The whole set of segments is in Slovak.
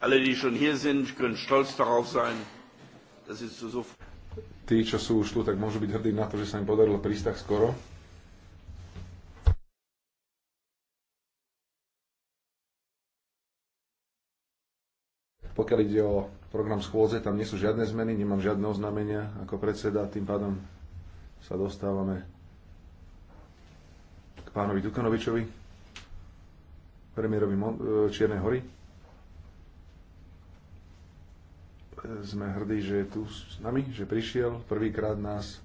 Alle, die schon hier sind, können stolz darauf sein, dass sie zu so... Tí, čo sú už tu, tak môžu byť hrdí na to, že sa im podarilo prísť tak skoro. Pokiaľ ide o program schôdze, tam nie sú žiadne zmeny, nemám žiadne oznámenia ako predseda, tým pádom sa dostávame k pánovi Dukanovičovi, premiérovi e, Čiernej hory. sme hrdí, že je tu s nami, že prišiel. Prvýkrát nás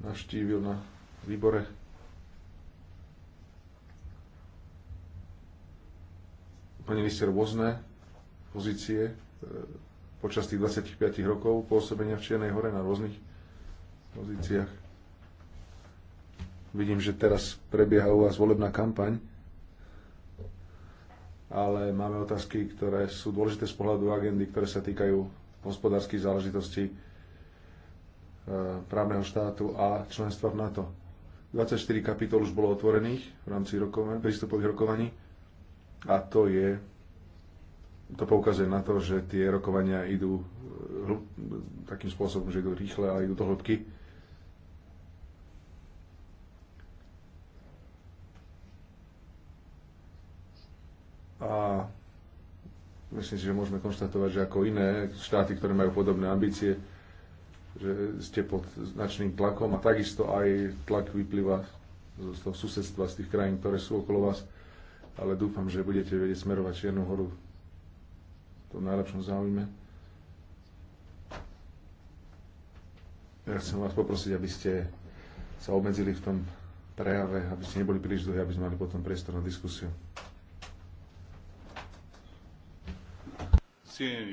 navštívil na výbore. Úplne ste rôzne pozície e, počas tých 25 rokov pôsobenia v Čiernej hore na rôznych pozíciách. Vidím, že teraz prebieha u vás volebná kampaň ale máme otázky, ktoré sú dôležité z pohľadu agendy, ktoré sa týkajú hospodárskych záležitostí e, právneho štátu a členstva v NATO. 24 kapitol už bolo otvorených v rámci rokovaní, prístupových rokovaní a to je to poukazuje na to, že tie rokovania idú e, takým spôsobom, že idú rýchle a idú do hĺbky. A Myslím si, že môžeme konštatovať, že ako iné štáty, ktoré majú podobné ambície, že ste pod značným tlakom a takisto aj tlak vyplýva z toho susedstva, z tých krajín, ktoré sú okolo vás, ale dúfam, že budete vedieť smerovať Čiernu horu v tom najlepšom záujme. Ja chcem vás poprosiť, aby ste sa obmedzili v tom prejave, aby ste neboli príliš dlhé, aby sme mali potom priestor na diskusiu. cienení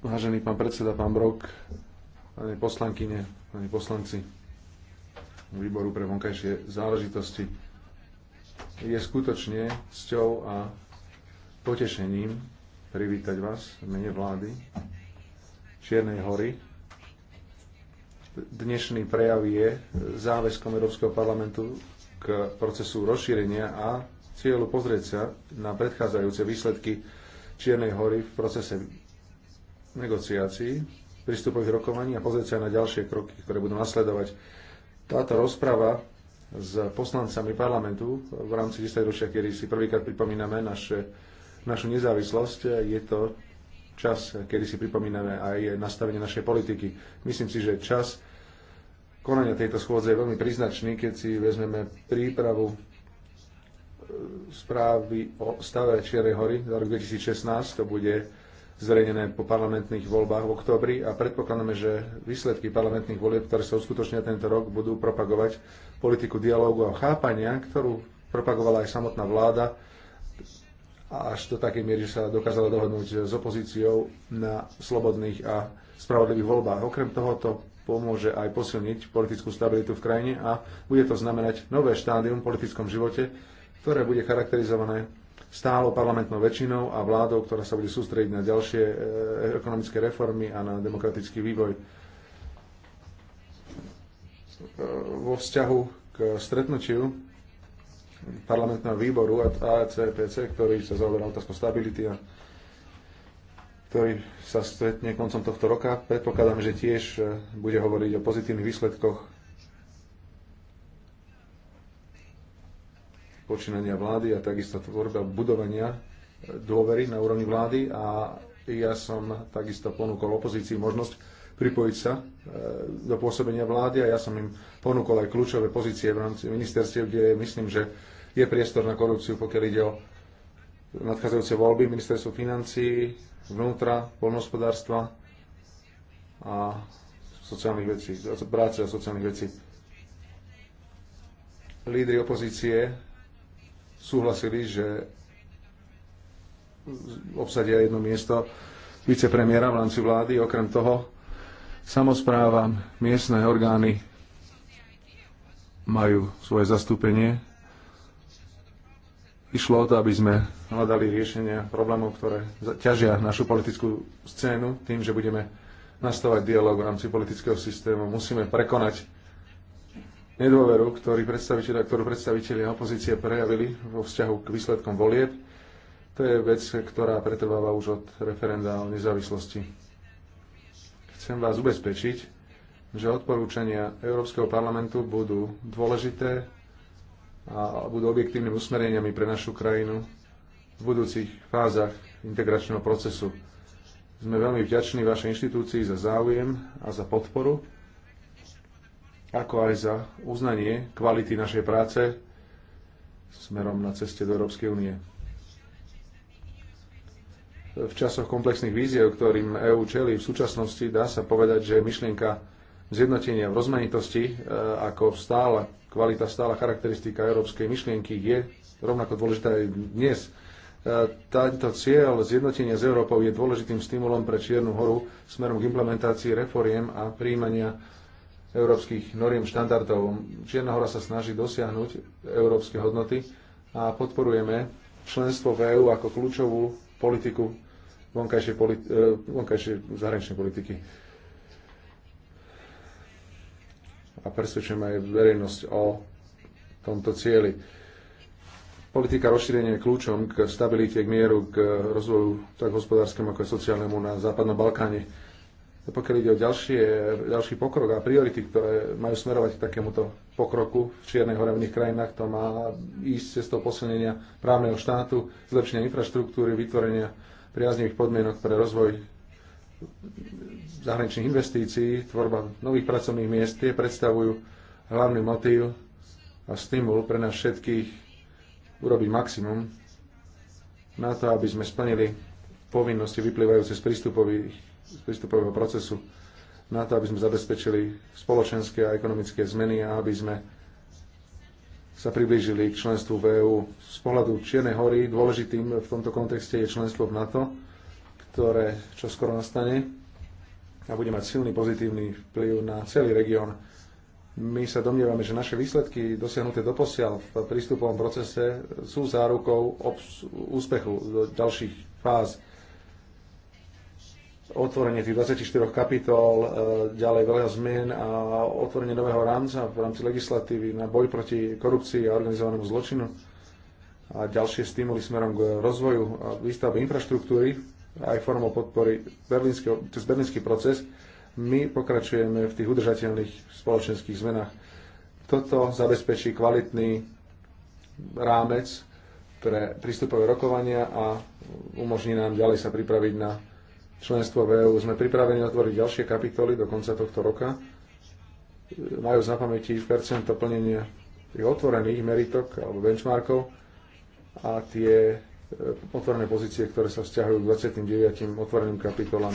Vážený pán predseda, pán Brok, pani poslankyne, pani poslanci výboru pre vonkajšie záležitosti, je skutočne cťou a potešením privítať vás v mene vlády Čiernej hory. Dnešný prejav je záväzkom Európskeho parlamentu k procesu rozšírenia a cieľu pozrieť sa na predchádzajúce výsledky Čiernej hory v procese negociácií, prístupových rokovaní a pozrieť sa aj na ďalšie kroky, ktoré budú nasledovať. Táto rozprava s poslancami parlamentu v rámci 10 ročia, kedy si prvýkrát pripomíname naše, našu nezávislosť, je to čas, kedy si pripomíname aj nastavenie našej politiky. Myslím si, že čas konania tejto schôdze je veľmi príznačný, keď si vezmeme prípravu správy o stave Čiernej hory za rok 2016. To bude zverejnené po parlamentných voľbách v oktobri a predpokladáme, že výsledky parlamentných volieb, ktoré sa uskutočnia tento rok, budú propagovať politiku dialógu a chápania, ktorú propagovala aj samotná vláda až do takej miery, že sa dokázala dohodnúť s opozíciou na slobodných a spravodlivých voľbách. Okrem toho to pomôže aj posilniť politickú stabilitu v krajine a bude to znamenať nové štádium v politickom živote, ktoré bude charakterizované stálo parlamentnou väčšinou a vládou, ktorá sa bude sústrediť na ďalšie e, ekonomické reformy a na demokratický vývoj. E, vo vzťahu k stretnutiu parlamentného výboru ACPC, ktorý sa zaoberá otázkou stability a ktorý sa stretne koncom tohto roka. Predpokladám, že tiež e, bude hovoriť o pozitívnych výsledkoch počínania vlády a takisto tvorba budovania e, dôvery na úrovni vlády a ja som takisto ponúkol opozícii možnosť pripojiť sa e, do pôsobenia vlády a ja som im ponúkol aj kľúčové pozície v rámci ministerstiev, kde myslím, že je priestor na korupciu, pokiaľ ide o nadchádzajúce voľby, ministerstvo financí, vnútra, poľnohospodárstva a sociálnych vecí, práce a sociálnych vecí. Lídry opozície súhlasili, že obsadia jedno miesto vicepremiéra v rámci vlády. Okrem toho, samozpráva, miestne orgány majú svoje zastúpenie. Išlo o to, aby sme hľadali riešenia problémov, ktoré ťažia našu politickú scénu tým, že budeme nastavať dialog v rámci politického systému. Musíme prekonať nedôveru, ktorý predstaviteľia, ktorú predstaviteľia opozície prejavili vo vzťahu k výsledkom volieb. To je vec, ktorá pretrváva už od referenda o nezávislosti. Chcem vás ubezpečiť, že odporúčania Európskeho parlamentu budú dôležité a budú objektívnymi usmereniami pre našu krajinu v budúcich fázach integračného procesu. Sme veľmi vďační vašej inštitúcii za záujem a za podporu ako aj za uznanie kvality našej práce smerom na ceste do Európskej únie. V časoch komplexných víziev, ktorým EÚ čelí v súčasnosti, dá sa povedať, že myšlienka zjednotenia v rozmanitosti e, ako stála, kvalita stála charakteristika európskej myšlienky je rovnako dôležitá aj dnes. E, tento cieľ zjednotenia s Európou je dôležitým stimulom pre Čiernu horu smerom k implementácii reforiem a príjmania európskych noriem štandardov. Čierna hora sa snaží dosiahnuť európske hodnoty a podporujeme členstvo v EÚ ako kľúčovú politiku vonkajšej, politi- e, vonkajšej zahraničnej politiky. A presvedčujeme aj verejnosť o tomto cieli. Politika rozšírenia je kľúčom k stabilite, k mieru, k rozvoju tak hospodárskemu ako aj sociálnemu na Západnom Balkáne pokiaľ ide o ďalšie, ďalší pokrok a priority, ktoré majú smerovať k takémuto pokroku v Čiernej hore v krajinách, to má ísť cestou posilnenia právneho štátu, zlepšenia infraštruktúry, vytvorenia priaznivých podmienok pre rozvoj zahraničných investícií, tvorba nových pracovných miest, tie predstavujú hlavný motív a stimul pre nás všetkých urobiť maximum na to, aby sme splnili povinnosti vyplývajúce z prístupových z prístupového procesu na to, aby sme zabezpečili spoločenské a ekonomické zmeny a aby sme sa priblížili k členstvu v EÚ. Z pohľadu Čiernej hory dôležitým v tomto kontexte je členstvo v NATO, ktoré čo skoro nastane a bude mať silný pozitívny vplyv na celý región. My sa domnievame, že naše výsledky dosiahnuté doposiaľ v prístupovom procese sú zárukou úspechu do ďalších fáz otvorenie tých 24 kapitol, e, ďalej veľa zmien a otvorenie nového rámca v rámci legislatívy na boj proti korupcii a organizovanému zločinu a ďalšie stimuly smerom k rozvoju a výstavbe infraštruktúry aj formou podpory cez berlínsky proces, my pokračujeme v tých udržateľných spoločenských zmenách. Toto zabezpečí kvalitný rámec pre prístupové rokovania a umožní nám ďalej sa pripraviť na členstvo v EÚ. Sme pripravení otvoriť ďalšie kapitoly do konca tohto roka, majú na pamäti percento plnenia tých otvorených meritok alebo benchmarkov a tie e, otvorené pozície, ktoré sa vzťahujú k 29 otvoreným kapitolám.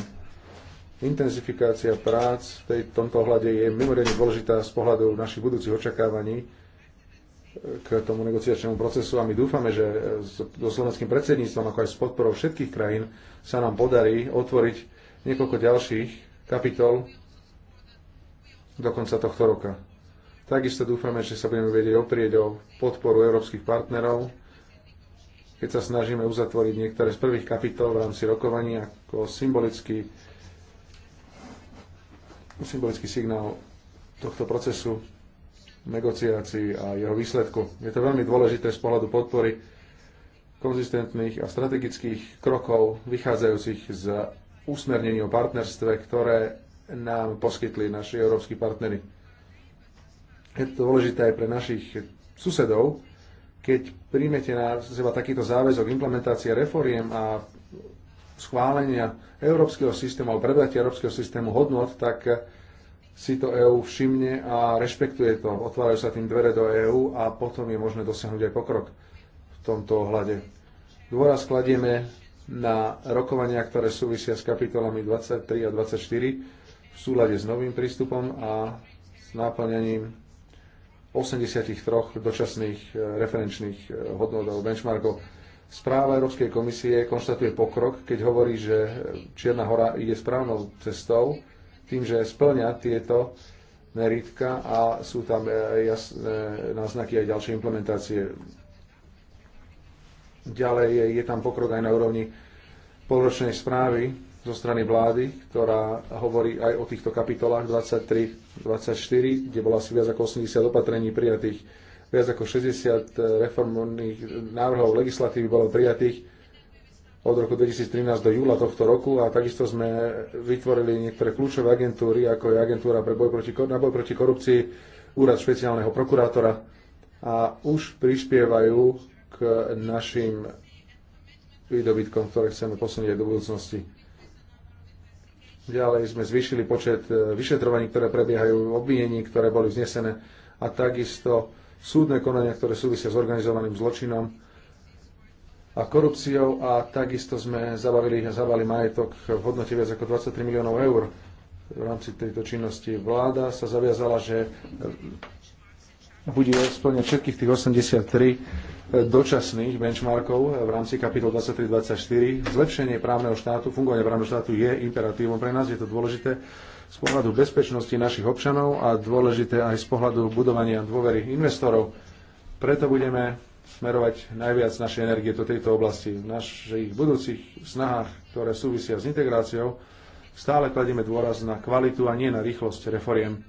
Intenzifikácia prác v tej, tomto ohľade je mimoriadne dôležitá z pohľadu našich budúcich očakávaní k tomu negociačnému procesu a my dúfame, že so slovenským predsedníctvom, ako aj s podporou všetkých krajín, sa nám podarí otvoriť niekoľko ďalších kapitol do konca tohto roka. Takisto dúfame, že sa budeme vedieť oprieť o podporu európskych partnerov, keď sa snažíme uzatvoriť niektoré z prvých kapitol v rámci rokovania ako symbolický, symbolický signál tohto procesu negociácií a jeho výsledku. Je to veľmi dôležité z pohľadu podpory konzistentných a strategických krokov vychádzajúcich z usmernení o partnerstve, ktoré nám poskytli naši európsky partnery. Je to dôležité aj pre našich susedov, keď príjmete na seba takýto záväzok implementácie reforiem a schválenia európskeho systému alebo predatia európskeho systému hodnot, tak si to EÚ všimne a rešpektuje to. Otvárajú sa tým dvere do EÚ a potom je možné dosiahnuť aj pokrok v tomto ohľade. Dôraz kladieme na rokovania, ktoré súvisia s kapitolami 23 a 24 v súlade s novým prístupom a s náplňaním 83 dočasných e, referenčných e, hodnot alebo benchmarkov. Správa Európskej komisie konštatuje pokrok, keď hovorí, že Čierna hora ide správnou cestou, tým, že splňa tieto meritka a sú tam e, jasné e, náznaky aj ďalšie implementácie. Ďalej je, je tam pokrok aj na úrovni polročnej správy zo strany vlády, ktorá hovorí aj o týchto kapitolách 23-24, kde bola asi viac ako 80 opatrení prijatých, viac ako 60 e, reformných návrhov legislatívy bolo prijatých, od roku 2013 do júla tohto roku a takisto sme vytvorili niektoré kľúčové agentúry, ako je agentúra pre boj proti, na boj proti korupcii, úrad špeciálneho prokurátora a už prispievajú k našim výdobytkom, ktoré chceme posunieť do budúcnosti. Ďalej sme zvýšili počet e, vyšetrovaní, ktoré prebiehajú, obvinení, ktoré boli vznesené a takisto súdne konania, ktoré súvisia s organizovaným zločinom a korupciou a takisto sme zabavili, zabali majetok v hodnote viac ako 23 miliónov eur v rámci tejto činnosti. Vláda sa zaviazala, že bude splňať všetkých tých 83 eh, dočasných benchmarkov eh, v rámci kapitol 23-24. Zlepšenie právneho štátu, fungovanie právneho štátu je imperatívom pre nás, je to dôležité z pohľadu bezpečnosti našich občanov a dôležité aj z pohľadu budovania dôvery investorov. Preto budeme smerovať najviac našej energie do tejto oblasti. V našich budúcich snahách, ktoré súvisia s integráciou, stále kladieme dôraz na kvalitu a nie na rýchlosť reforiem.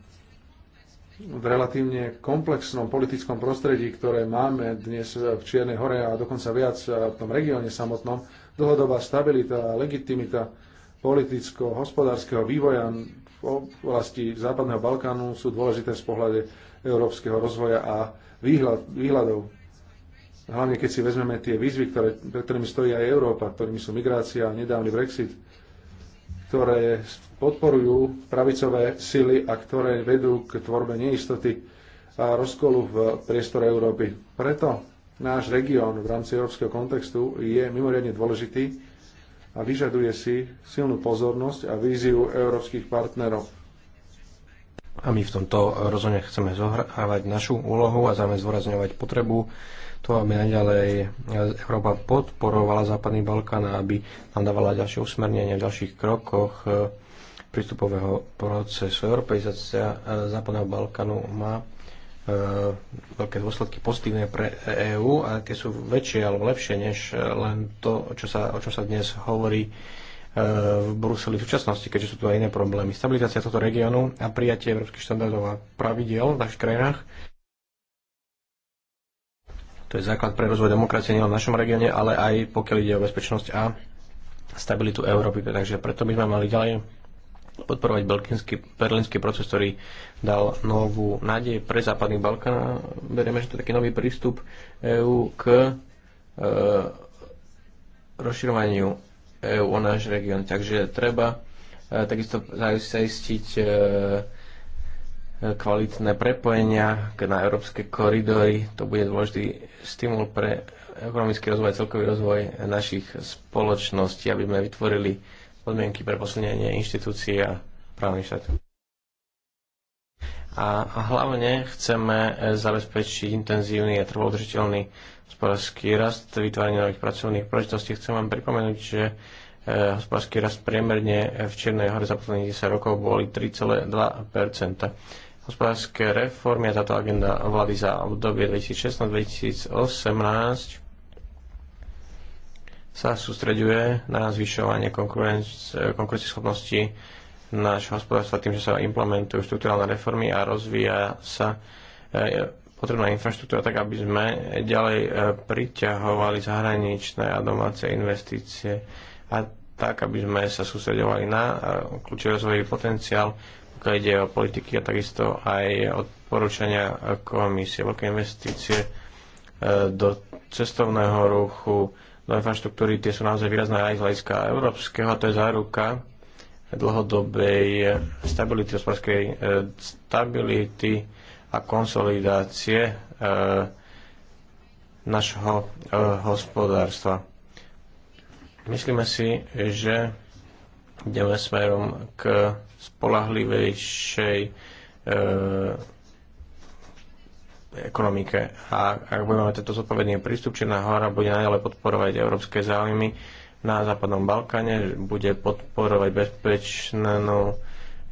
V relatívne komplexnom politickom prostredí, ktoré máme dnes v Čiernej hore a dokonca viac v tom regióne samotnom, dlhodobá stabilita a legitimita politicko-hospodárskeho vývoja v oblasti Západného Balkánu sú dôležité z pohľade európskeho rozvoja a výhľad, výhľadov. Hlavne keď si vezmeme tie výzvy, ktoré, pre ktorými stojí aj Európa, ktorými sú migrácia, a nedávny Brexit, ktoré podporujú pravicové sily a ktoré vedú k tvorbe neistoty a rozkolu v priestore Európy. Preto náš región v rámci európskeho kontextu je mimoriadne dôležitý a vyžaduje si silnú pozornosť a víziu európskych partnerov. A my v tomto rozhodne chceme zohrávať našu úlohu a zároveň zdôrazňovať potrebu to, aby naďalej e, Európa podporovala Západný Balkán a aby nám dávala ďalšie usmernenia v ďalších krokoch e, prístupového procesu. Europeizácia e, Západného Balkánu má veľké dôsledky pozitívne pre EÚ a tie sú väčšie alebo lepšie než len to, čo sa, o čom sa dnes hovorí v Bruseli v súčasnosti, keďže sú tu aj iné problémy. Stabilizácia tohto regiónu a prijatie európskych štandardov a pravidiel v našich krajinách to je základ pre rozvoj demokracie nielen v našom regióne, ale aj pokiaľ ide o bezpečnosť a stabilitu Európy. Takže preto by sme mali ďalej podporovať belkinský, berlínsky proces, ktorý dal novú nádej pre západný Balkán. Berieme, že to je taký nový prístup EÚ k e, rozširovaniu EÚ o náš región. Takže treba e, takisto zaistiť e, kvalitné prepojenia na európske koridory. To bude dôležitý stimul pre ekonomický rozvoj a celkový rozvoj našich spoločností, aby sme vytvorili podmienky pre posilnenie inštitúcií a právnych štátov. A hlavne chceme zabezpečiť intenzívny a trvodržiteľný hospodársky rast, vytváranie nových pracovných príležitostí. Chcem vám pripomenúť, že e, hospodársky rast priemerne v Čiernej hore za posledných 10 rokov boli 3,2 hospodárske reformy a táto agenda vlády za obdobie 2016-2018 sa sústreďuje na zvyšovanie konkurencieschopnosti nášho hospodárstva tým, že sa implementujú štruktúrálne reformy a rozvíja sa e, potrebná infraštruktúra tak, aby sme ďalej e, priťahovali zahraničné a domáce investície a tak, aby sme sa sústredovali na e, kľúčový rozvojový potenciál pokiaľ ide o politiky a takisto aj odporúčania komisie, veľké investície e, do cestovného ruchu, do infraštruktúry, tie sú naozaj výrazné aj z hľadiska európskeho a to je záruka dlhodobej stability, hospodárskej e, stability a konsolidácie e, našho hospodárstva. Myslíme si, že ideme smerom k spolahlivejšej e, ekonomike. A ak budeme mať tento zodpovedný prístup, na hora bude najďalej podporovať európske záujmy na Západnom Balkáne, bude podporovať bezpečnú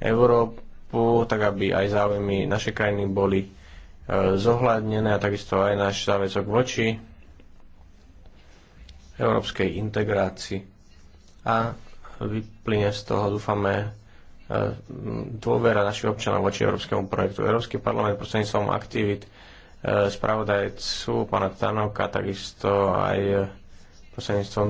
Európu, tak aby aj záujmy našej krajiny boli e, zohľadnené a takisto aj náš záväzok voči európskej integrácii. A vyplyne z toho, dúfame, dôvera našich občanov voči európskemu projektu. Európsky parlament prostredníctvom aktivít e, spravodajcu pána Tanoka, takisto aj e, prostredníctvom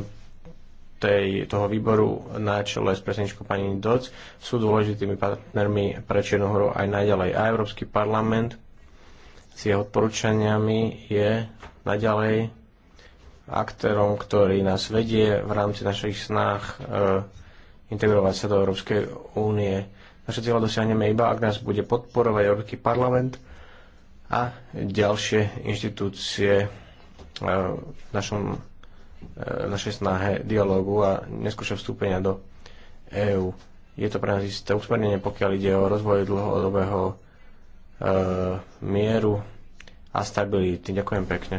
tej, toho výboru na čele s predsedničkou pani Doc sú dôležitými partnermi pre Čiernu aj naďalej. A Európsky parlament s jeho odporúčaniami je naďalej aktérom, ktorý nás vedie v rámci našich snách e, integrovať sa do Európskej únie. Naše cieľa dosiahneme iba, ak nás bude podporovať Európsky parlament a ďalšie inštitúcie e, v našom, e, v našej snahe dialogu a neskúša vstúpenia do EÚ. Je to pre nás isté usmernenie, pokiaľ ide o rozvoj dlhodobého e, mieru a stability. Ďakujem pekne.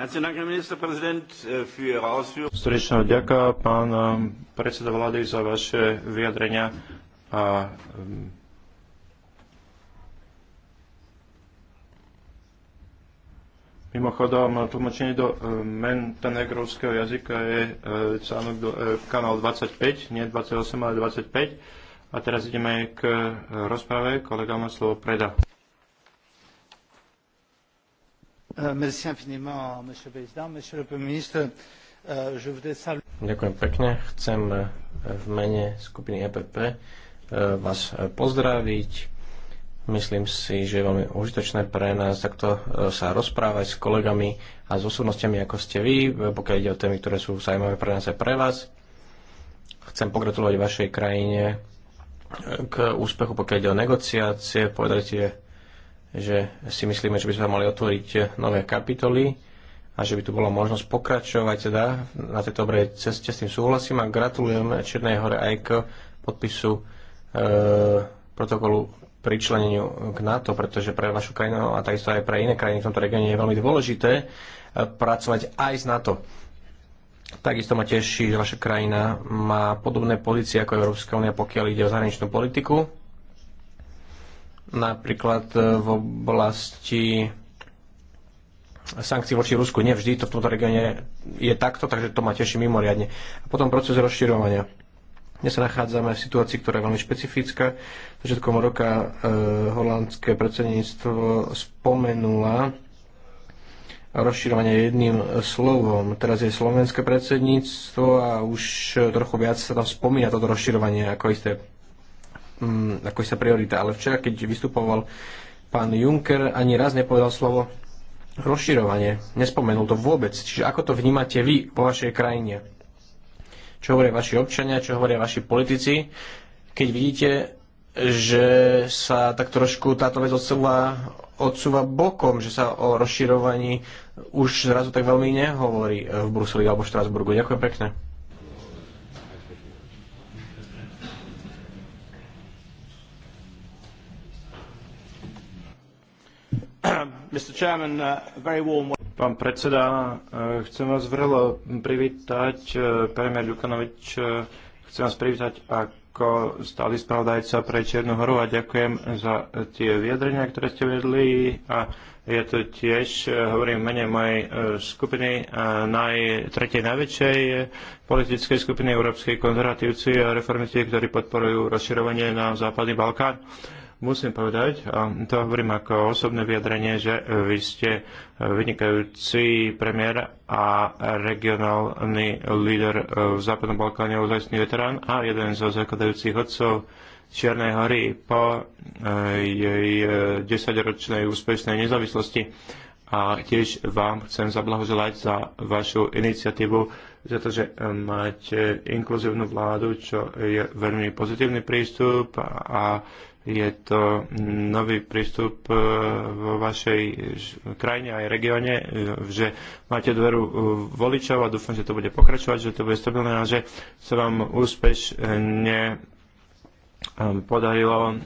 Äh, Srdečná vďaka, pán ähm, predseda vlády, za vaše vyjadrenia a ähm, Mimochodom, tlmočenie do mentenegrovského ähm, jazyka je äh, článok do, äh, kanál 25, nie 28, ale 25. A teraz ideme k rozprave. Kolega má slovo preda. Euh, euh, Ďakujem pekne. Chcem euh, v mene skupiny EPP vás pozdraviť. Myslím si, že je veľmi užitočné pre nás takto sa rozprávať s kolegami a s osobnostiami, ako ste vy, pokiaľ ide o témy, ktoré sú zaujímavé pre nás a pre vás. Chcem pogratulovať vašej krajine k úspechu, pokiaľ ide o negociácie. Povedali ste, že si myslíme, že by sme mali otvoriť nové kapitoly a že by tu bola možnosť pokračovať teda na tej dobrej ceste. S tým súhlasím a gratulujem Čiernej hore aj k podpisu e, protokolu pričleneniu k NATO, pretože pre vašu krajinu a takisto aj pre iné krajiny v tomto regióne je veľmi dôležité e, pracovať aj s NATO. Takisto ma teší, že vaša krajina má podobné pozície ako Európska únia, pokiaľ ide o zahraničnú politiku napríklad e, v oblasti sankcií voči Rusku. Nevždy to v tomto regióne je takto, takže to ma teší mimoriadne. A potom proces rozširovania. Dnes sa nachádzame v situácii, ktorá je veľmi špecifická. Začiatkom roka e, holandské predsedníctvo spomenula rozširovanie jedným slovom. Teraz je slovenské predsedníctvo a už trochu viac sa tam spomína toto rozširovanie ako isté um, ako sa priorita. Ale včera, keď vystupoval pán Juncker, ani raz nepovedal slovo rozširovanie. Nespomenul to vôbec. Čiže ako to vnímate vy po vašej krajine? Čo hovoria vaši občania, čo hovoria vaši politici, keď vidíte, že sa tak trošku táto vec odsúva, odsúva bokom, že sa o rozširovaní už zrazu tak veľmi nehovorí v Bruseli alebo v Štrásburgu. Ďakujem pekne. Uh, Pán predseda, uh, chcem vás vrelo privítať. Uh, Premiér Ľukanovič, chcem vás privítať ako stály spravodajca pre Čiernu horu a ďakujem za tie vyjadrenia, ktoré ste vedli. A je to tiež hovorím v mene mojej skupiny, naj, tretej najväčšej politickej skupiny Európskej konzervatívci a reformisti, ktorí podporujú rozširovanie na Západný Balkán musím povedať, a to hovorím ako osobné vyjadrenie, že vy ste vynikajúci premiér a regionálny líder v Západnom Balkáne, úzajstný veterán a jeden zo zakladajúcich odcov Čiernej hory po e, jej e, desaťročnej úspešnej nezávislosti. A tiež vám chcem zablahoželať za vašu iniciatívu, za to, že máte inkluzívnu vládu, čo je veľmi pozitívny prístup a je to nový prístup e, vo vašej krajine aj regióne, e, že máte dveru e, voličov a dúfam, že to bude pokračovať, že to bude stabilné a že sa vám úspešne podarilo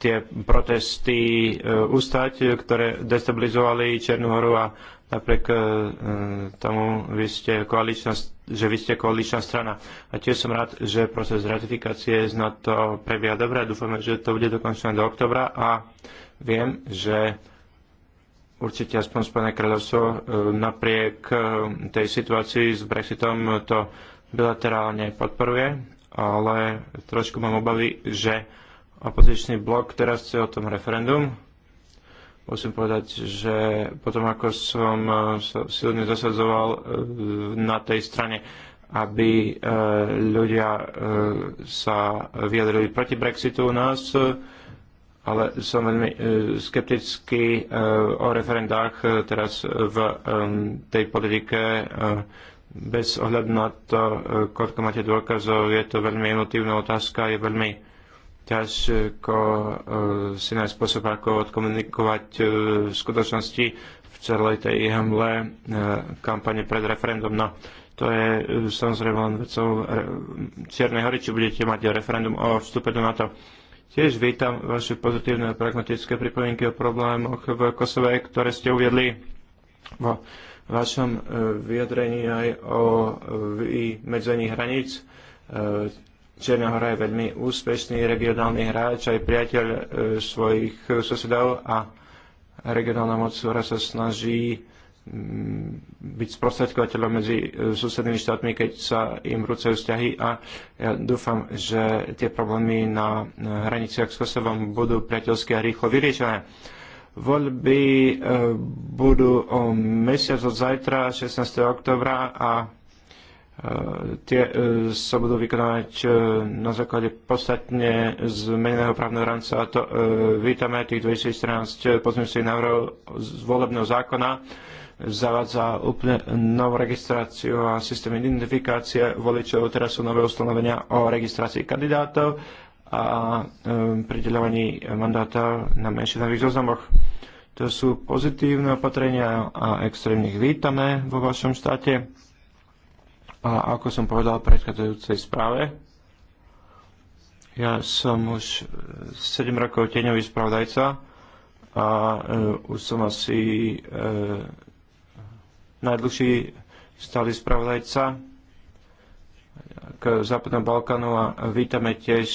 tie protesty ustať, ktoré destabilizovali Černú horu a napriek tomu vy ste koaličná že vy ste koaličná strana. A tiež som rád, že proces ratifikácie z NATO prebieha dobre. Dúfame, že to bude dokončené do oktobra a viem, že určite aspoň Spojené kráľovstvo e, napriek e, tej situácii s Brexitom to bilaterálne podporuje, ale trošku mám obavy, že opozičný blok teraz chce o tom referendum musím povedať, že potom ako som eh, sa silne zasadzoval eh, na tej strane, aby eh, ľudia sa vyjadrili proti Brexitu u nás, ale som veľmi skeptický o referendách teraz v tej politike bez ohľadu na to, koľko máte dôkazov, je to veľmi emotívna otázka, je veľmi ťažko eh, si nájsť spôsob, ako odkomunikovať v eh, skutočnosti v celej tej hamle eh, kampane pred referendum. No, to je samozrejme len vecou Čiernej hory, či budete mať referendum o vstupe do NATO. Tiež vítam vaše pozitívne a pragmatické pripomienky o problémoch v Kosove, ktoré ste uviedli vo vašom vyjadrení aj o vymedzení hraníc Černá hora je veľmi úspešný regionálny hráč, aj priateľ e, svojich e, susedov a regionálna moc hora sa snaží mm, byť sprostredkovateľom medzi e, susednými štátmi, keď sa im rúcajú vzťahy a ja dúfam, že tie problémy na hraniciach s Kosovom budú priateľské a rýchlo vyriešené. Voľby e, budú o mesiac od zajtra, 16. oktobra a E, tie e, sa budú vykonávať e, na základe podstatne zmeneného právneho rámca. A to vítame tých 2014 pozmeňujúcich návrhov z volebného zákona zavádza úplne novú registráciu a systém identifikácie voličov. Teraz sú nové ustanovenia o registrácii kandidátov a prideľovaní mandáta na menšinových zoznamoch. To sú pozitívne opatrenia a ich vítame vo vašom štáte a ako som povedal v predchádzajúcej správe, ja som už 7 rokov tieňový spravodajca a uh, už som asi uh, najdlhší stály spravodajca k Západnom Balkánu a vítame tiež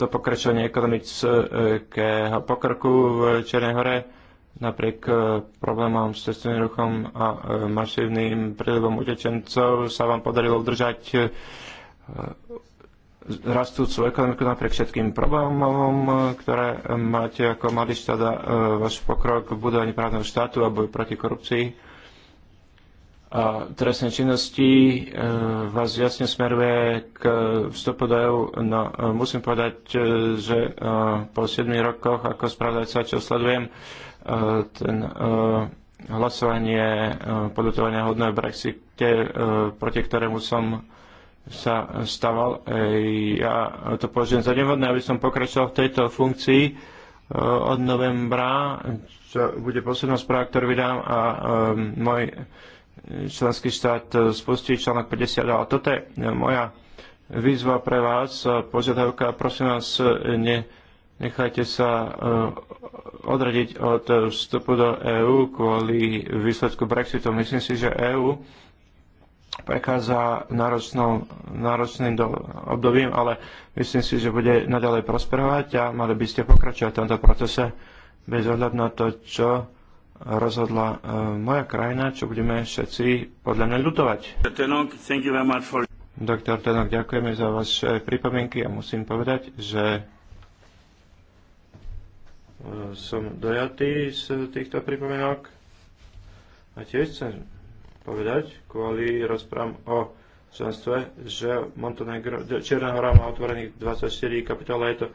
to pokračovanie ekonomického pokrku v Černej hore Napriek e, problémom s cestovným ruchom a e, masívnym prílivom utečencov sa vám podarilo udržať e, rastúcu ekonomiku napriek všetkým problémom, ktoré máte ako mladý štát a váš pokrok v budovaní právneho štátu a boj proti korupcii a trestnej činnosti vás jasne smeruje k vstupu do EU. No, musím povedať, že po 7 rokoch ako spravodajca, čo sledujem, E, ten e, hlasovanie e, podotovania hodné v Brexite, proti ktorému som sa staval. Ja to považujem za nevhodné, aby som pokračoval v tejto funkcii od novembra, čo bude posledná správa, ktorú vydám a môj členský štát spustí článok 50. Ale toto je moja výzva pre vás, požiadavka, prosím vás, ne, Nechajte sa eh, odradiť od vstupu do EÚ kvôli výsledku Brexitu. Myslím si, že EÚ prechádza náročným obdobím, ale myslím si, že bude naďalej prosperovať a mali by ste pokračovať v tomto procese bez ohľadu na to, čo rozhodla eh, moja krajina, čo budeme všetci podľa mňa ľutovať. Doktor Tenok, ďakujeme za vaše pripomienky a musím povedať, že som dojatý z týchto pripomienok a tiež chcem povedať kvôli rozprávam o členstve, že Montenegro, Černá hora má otvorených 24 kapitál je to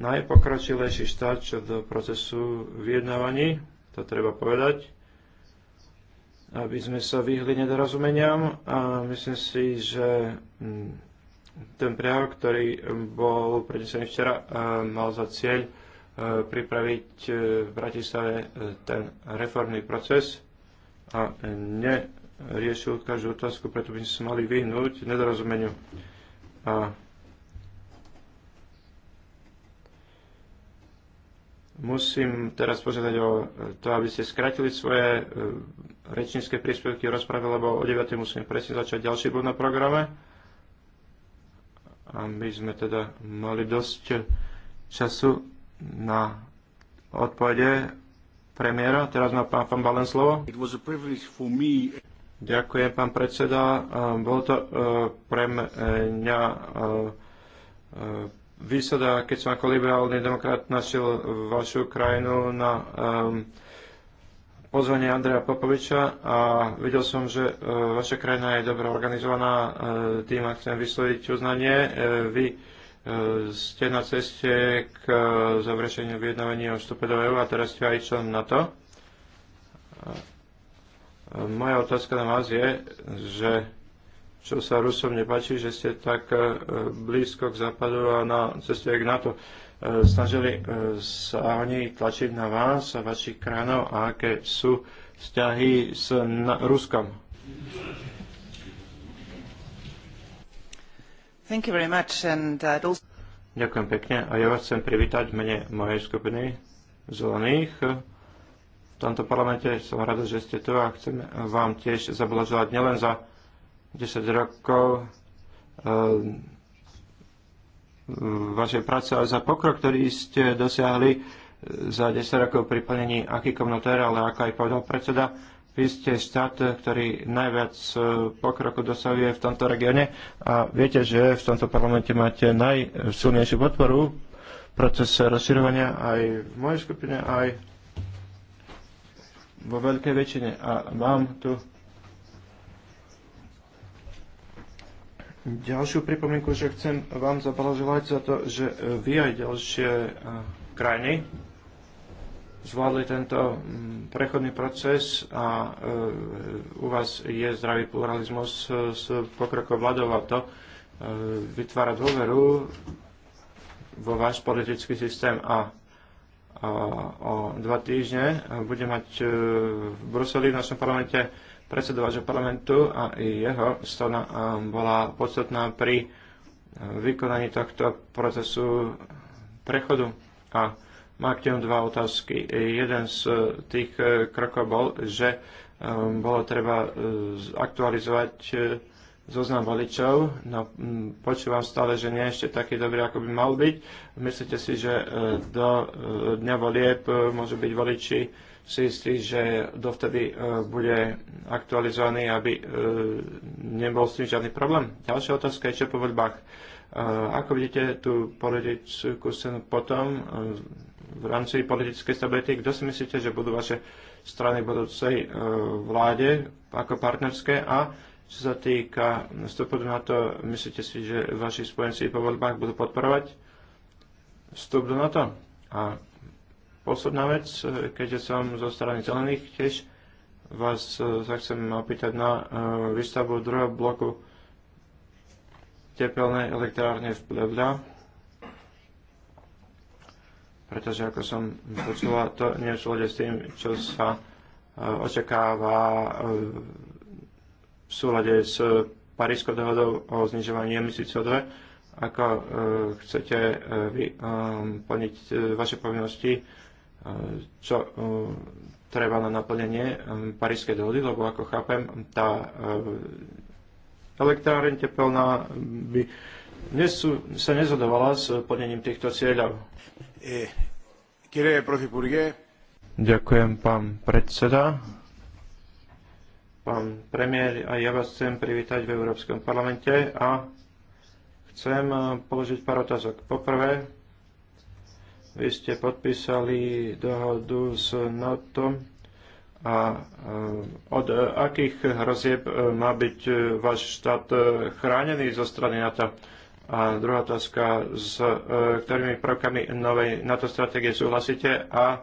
najpokročilejší štát čo do procesu vyjednávaní, to treba povedať, aby sme sa vyhli nedorozumeniam a myslím si, že mm, ten prejav, ktorý bol prednesený včera, mal za cieľ E, pripraviť e, v Bratislave e, ten reformný proces a neriešil každú otázku, preto by sme sa mali vyhnúť nedorozumeniu. A musím teraz požiadať o to, aby ste skratili svoje rečnícke príspevky v rozprave, lebo o 9. musím presne začať ďalší bod na programe. A my sme teda mali dosť času na odpovede premiéra. Teraz má pán Van Balen slovo. Ďakujem, pán predseda. Ehm, bolo to ehm, pre mňa ehm, výsada, keď som ako liberálny demokrat našiel vašu krajinu na pozvanie Andreja Popoviča a videl som, že vaša krajina je dobre organizovaná. Tým chcem vysloviť uznanie. Vy E, ste na ceste k e, završeniu vyjednávania o vstupe do EU a teraz ste aj člen NATO. E, moja otázka na vás je, že čo sa Rusom nepáči, že ste tak blízko k západu a na ceste k NATO. Snažili sa oni tlačiť na vás a vašich kránov a aké sú vzťahy s Ruskom? Also... Uh, Ďakujem pekne a ja vás chcem privítať v mene mojej skupiny zelených. V tomto parlamente som rada, že ste tu a chcem vám tiež zablažovať nielen za 10 rokov eh, vašej práce, ale za pokrok, ktorý ste dosiahli za 10 rokov pri plnení aký komunitár, ale ako aj povedal predseda, vy ste štát, ktorý najviac e, pokroku dosahuje v tomto regióne a viete, že v tomto parlamente máte najsilnejšiu podporu proces rozširovania aj v mojej skupine, aj vo veľkej väčšine. A mám tu ďalšiu pripomienku, že chcem vám zablažovať za to, že e, vy aj ďalšie e, krajiny zvládli tento mm, prechodný proces a e, u vás je zdravý pluralizmus e, s pokrokom vládov a to e, vytvára dôveru vo váš politický systém a o dva týždne bude mať v Bruseli v našom parlamente predseda vášho parlamentu a i jeho strana bola podstatná pri vykonaní tohto procesu prechodu. A má k dva otázky. Jeden z tých e, krokov bol, že e, bolo treba e, aktualizovať zoznam voličov. No, počúvam stále, že nie je ešte taký dobrý, ako by mal byť. Myslíte si, že do dňa volieb môžu byť voliči si istí, že dovtedy bude aktualizovaný, aby nebol s tým žiadny problém. Ďalšia otázka je, čo po voľbách. Ako vidíte tú politickú scénu potom, v rámci politickej stability. Kto si myslíte, že budú vaše strany budúcej e, vláde ako partnerské a čo sa týka vstupu do NATO, myslíte si, že vaši spojenci po voľbách budú podporovať vstup do NATO? A posledná vec, e, keďže som zo strany zelených, tiež vás e, sa chcem opýtať na výstavbu druhého bloku tepelnej elektrárne v Plevľa pretože ako som počula, to nie je v s tým, čo sa e, očakáva e, v súlade s Parískou dohodou o znižovaní emisí CO2, ako e, chcete vy plniť vaše povinnosti, čo treba na naplnenie Parískej dohody, lebo ako chápem, tá elektráreň tepelná by sú, sa nezhodovala s plnením týchto cieľov. Eh, Ďakujem, pán predseda. Pán premiér, a ja vás chcem privítať v Európskom parlamente a chcem eh, položiť pár otázok. Poprvé, vy ste podpísali dohodu s NATO a eh, od akých hrozieb má byť váš štát chránený zo strany NATO? A druhá otázka, s e, ktorými prvkami novej NATO stratégie súhlasíte a e,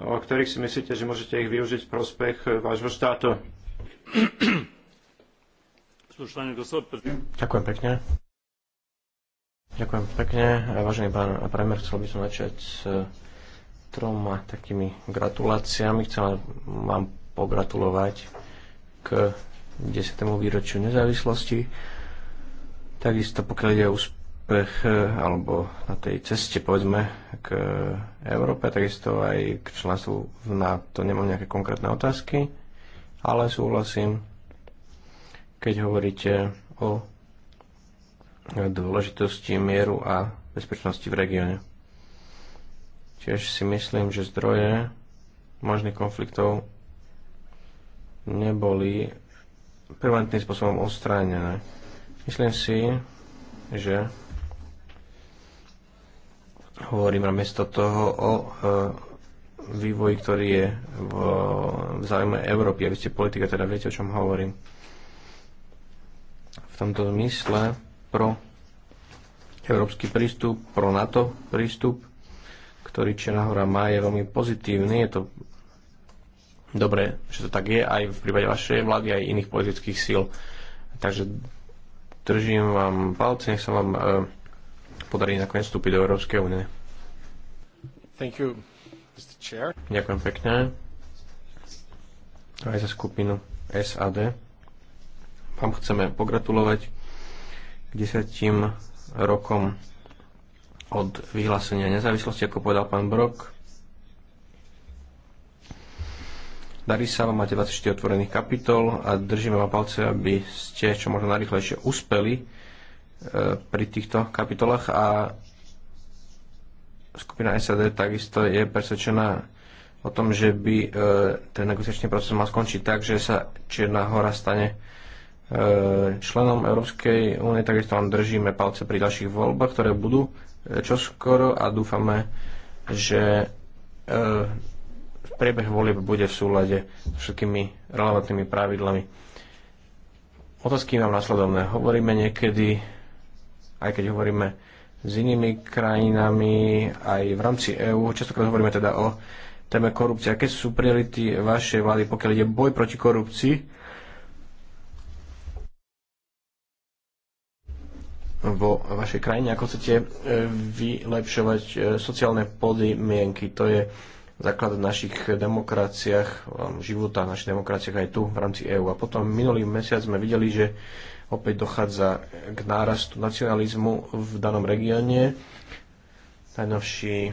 o ktorých si myslíte, že môžete ich využiť v prospech e, vášho štátu? Ďakujem pekne. Ďakujem pekne. Vážený pán premiér, chcel by som začať s troma takými gratuláciami. Chcem vám pogratulovať k 10. výročiu nezávislosti Takisto pokiaľ ide úspech eh, alebo na tej ceste povedzme k eh, Európe, takisto aj k členstvu v NATO nemám nejaké konkrétne otázky, ale súhlasím, keď hovoríte o eh, dôležitosti mieru a bezpečnosti v regióne. Tiež si myslím, že zdroje možných konfliktov neboli prevalentným spôsobom odstránené. Myslím si, že na namiesto toho o e, vývoji, ktorý je v, v záujme Európy. A vy ste politika, teda viete, o čom hovorím. V tomto zmysle pro európsky prístup, pro NATO prístup, ktorý Černá hora má, je veľmi pozitívny. Je to dobre, že to tak je aj v prípade vašej vlády, aj iných politických síl. Takže držím vám palce, nech sa vám e, podarí nakoniec vstúpiť do Európskej únie. Thank you, Mr. Chair. Ďakujem pekne. Aj za skupinu SAD. Vám chceme pogratulovať k desiatim rokom od vyhlásenia nezávislosti, ako povedal pán Brok. Darí sa vám, máte 24 otvorených kapitol a držíme vám palce, aby ste čo možno najrychlejšie uspeli e, pri týchto kapitolách a skupina SAD takisto je presvedčená o tom, že by e, ten negociačný proces mal skončiť tak, že sa Čierna hora stane e, členom Európskej únie, takisto vám držíme palce pri ďalších voľbách, ktoré budú čoskoro a dúfame, že priebeh volieb bude v súlade s všetkými relevantnými pravidlami. Otázky mám nasledovné. Hovoríme niekedy, aj keď hovoríme s inými krajinami, aj v rámci EÚ, častokrát hovoríme teda o téme korupcie. Aké sú priority vašej vlády, pokiaľ ide boj proti korupcii? vo vašej krajine, ako chcete e, vylepšovať e, sociálne podmienky. To je základ v našich demokraciách, um, života v našich demokraciách aj tu v rámci EÚ. A potom minulý mesiac sme videli, že opäť dochádza k nárastu nacionalizmu v danom regióne. Najnovší e,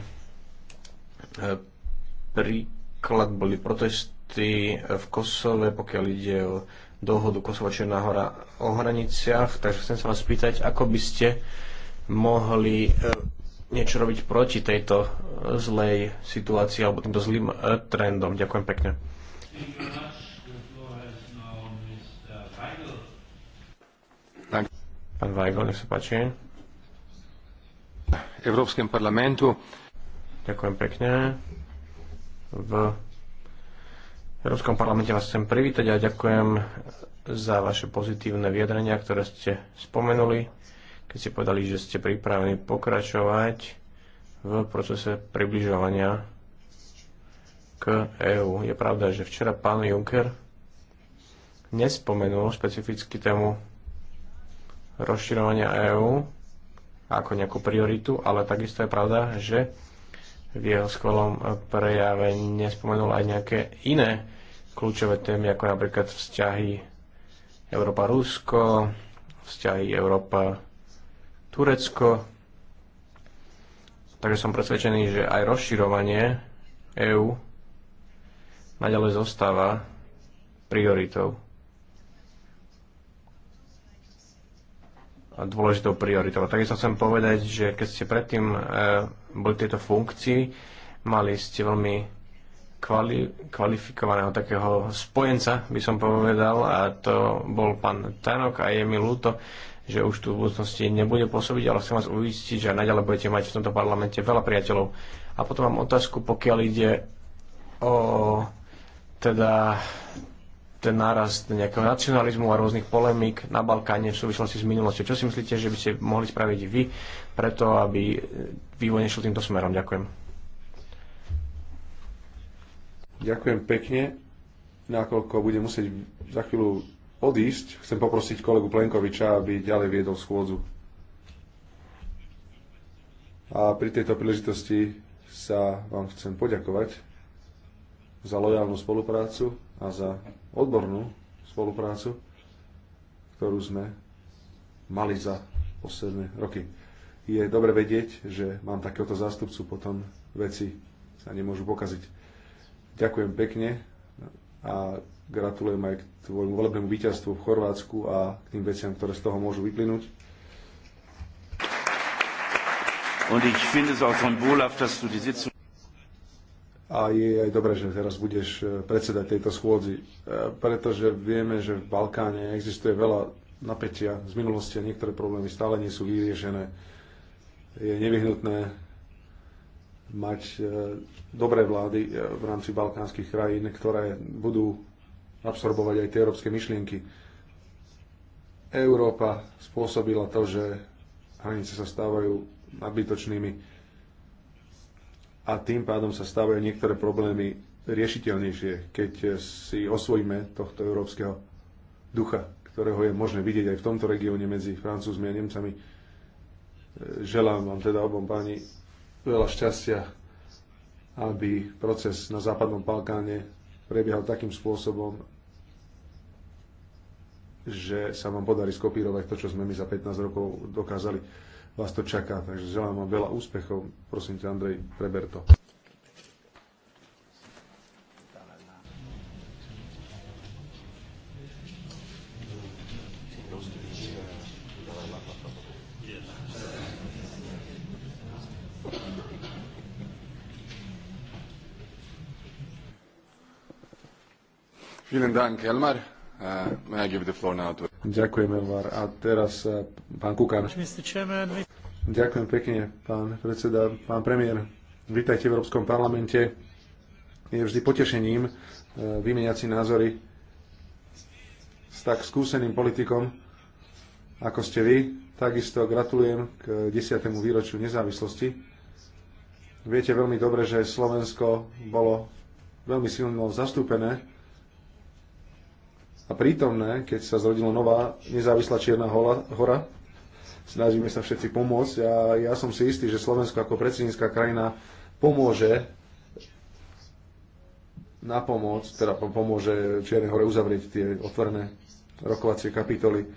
príklad boli protesty e, v Kosove, pokiaľ ide o dohodu Kosova Černá hora o hraniciach. Takže chcem sa vás spýtať, ako by ste mohli e, niečo robiť proti tejto e, zlej situácii alebo týmto zlým e, trendom. Ďakujem pekne. Pán Weigl, nech sa páči. Európskom parlamentu. Ďakujem pekne. V Európskom parlamente vás chcem privítať a ďakujem za vaše pozitívne vyjadrenia, ktoré ste spomenuli keď ste povedali, že ste pripravení pokračovať v procese približovania k EÚ. Je pravda, že včera pán Juncker nespomenul špecificky tému rozširovania EÚ ako nejakú prioritu, ale takisto je pravda, že v jeho skvelom prejave nespomenul aj nejaké iné kľúčové témy, ako napríklad vzťahy Európa-Rusko, vzťahy Európa Turecko. Takže som presvedčený, že aj rozširovanie EÚ naďalej zostáva prioritou. A dôležitou prioritou. A takisto chcem povedať, že keď ste predtým e, boli tieto funkcii, mali ste veľmi kvali, kvalifikovaného takého spojenca, by som povedal, a to bol pán Tanok a je mi ľúto, že už tu v budúcnosti nebude pôsobiť, ale chcem vás uistiť, že naďalej budete mať v tomto parlamente veľa priateľov. A potom mám otázku, pokiaľ ide o teda ten nárast nejakého nacionalizmu a rôznych polemík na Balkáne v súvislosti s minulosťou. Čo si myslíte, že by ste mohli spraviť vy preto, aby vývoj nešiel týmto smerom? Ďakujem. Ďakujem pekne, nakoľko budem musieť za chvíľu odísť, chcem poprosiť kolegu Plenkoviča, aby ďalej viedol schôdzu. A pri tejto príležitosti sa vám chcem poďakovať za lojálnu spoluprácu a za odbornú spoluprácu, ktorú sme mali za posledné roky. Je dobre vedieť, že mám takéhoto zástupcu, potom veci sa nemôžu pokaziť. Ďakujem pekne a Gratulujem aj k tvojmu volebnému víťazstvu v Chorvátsku a k tým veciam, ktoré z toho môžu vyplynúť. A je aj dobré, že teraz budeš eh, predsedať tejto schôdzi, eh, pretože vieme, že v Balkáne existuje veľa napätia z minulosti a niektoré problémy stále nie sú vyriešené. Je nevyhnutné mať eh, dobré vlády v rámci balkánskych krajín, ktoré budú absorbovať aj tie európske myšlienky. Európa spôsobila to, že hranice sa stávajú nadbytočnými a tým pádom sa stávajú niektoré problémy riešiteľnejšie, keď si osvojíme tohto európskeho ducha, ktorého je možné vidieť aj v tomto regióne medzi Francúzmi a Nemcami. Želám vám teda obom páni veľa šťastia, aby proces na Západnom Balkáne prebiehal takým spôsobom, že sa vám podarí skopírovať to, čo sme my za 15 rokov dokázali. Vás to čaká, takže želám vám veľa úspechov. Prosím ťa, Andrej, preber to. Vielen Dank, Elmar. Uh, to... Ďakujeme, A teraz eh, pán Kukan. Ďakujem pekne, pán predseda, pán premiér. Vítajte v Európskom parlamente. Je vždy potešením eh, vymeniať si názory s tak skúseným politikom, ako ste vy. Takisto gratulujem k 10. výročiu nezávislosti. Viete veľmi dobre, že Slovensko bolo veľmi silno zastúpené a prítomné, keď sa zrodila nová nezávislá Čierna hola, hora. Snažíme sa všetci pomôcť a ja som si istý, že Slovensko ako predsednícká krajina pomôže na pomoc, teda pomôže Čiernej hore uzavrieť tie otvorené rokovacie kapitoly.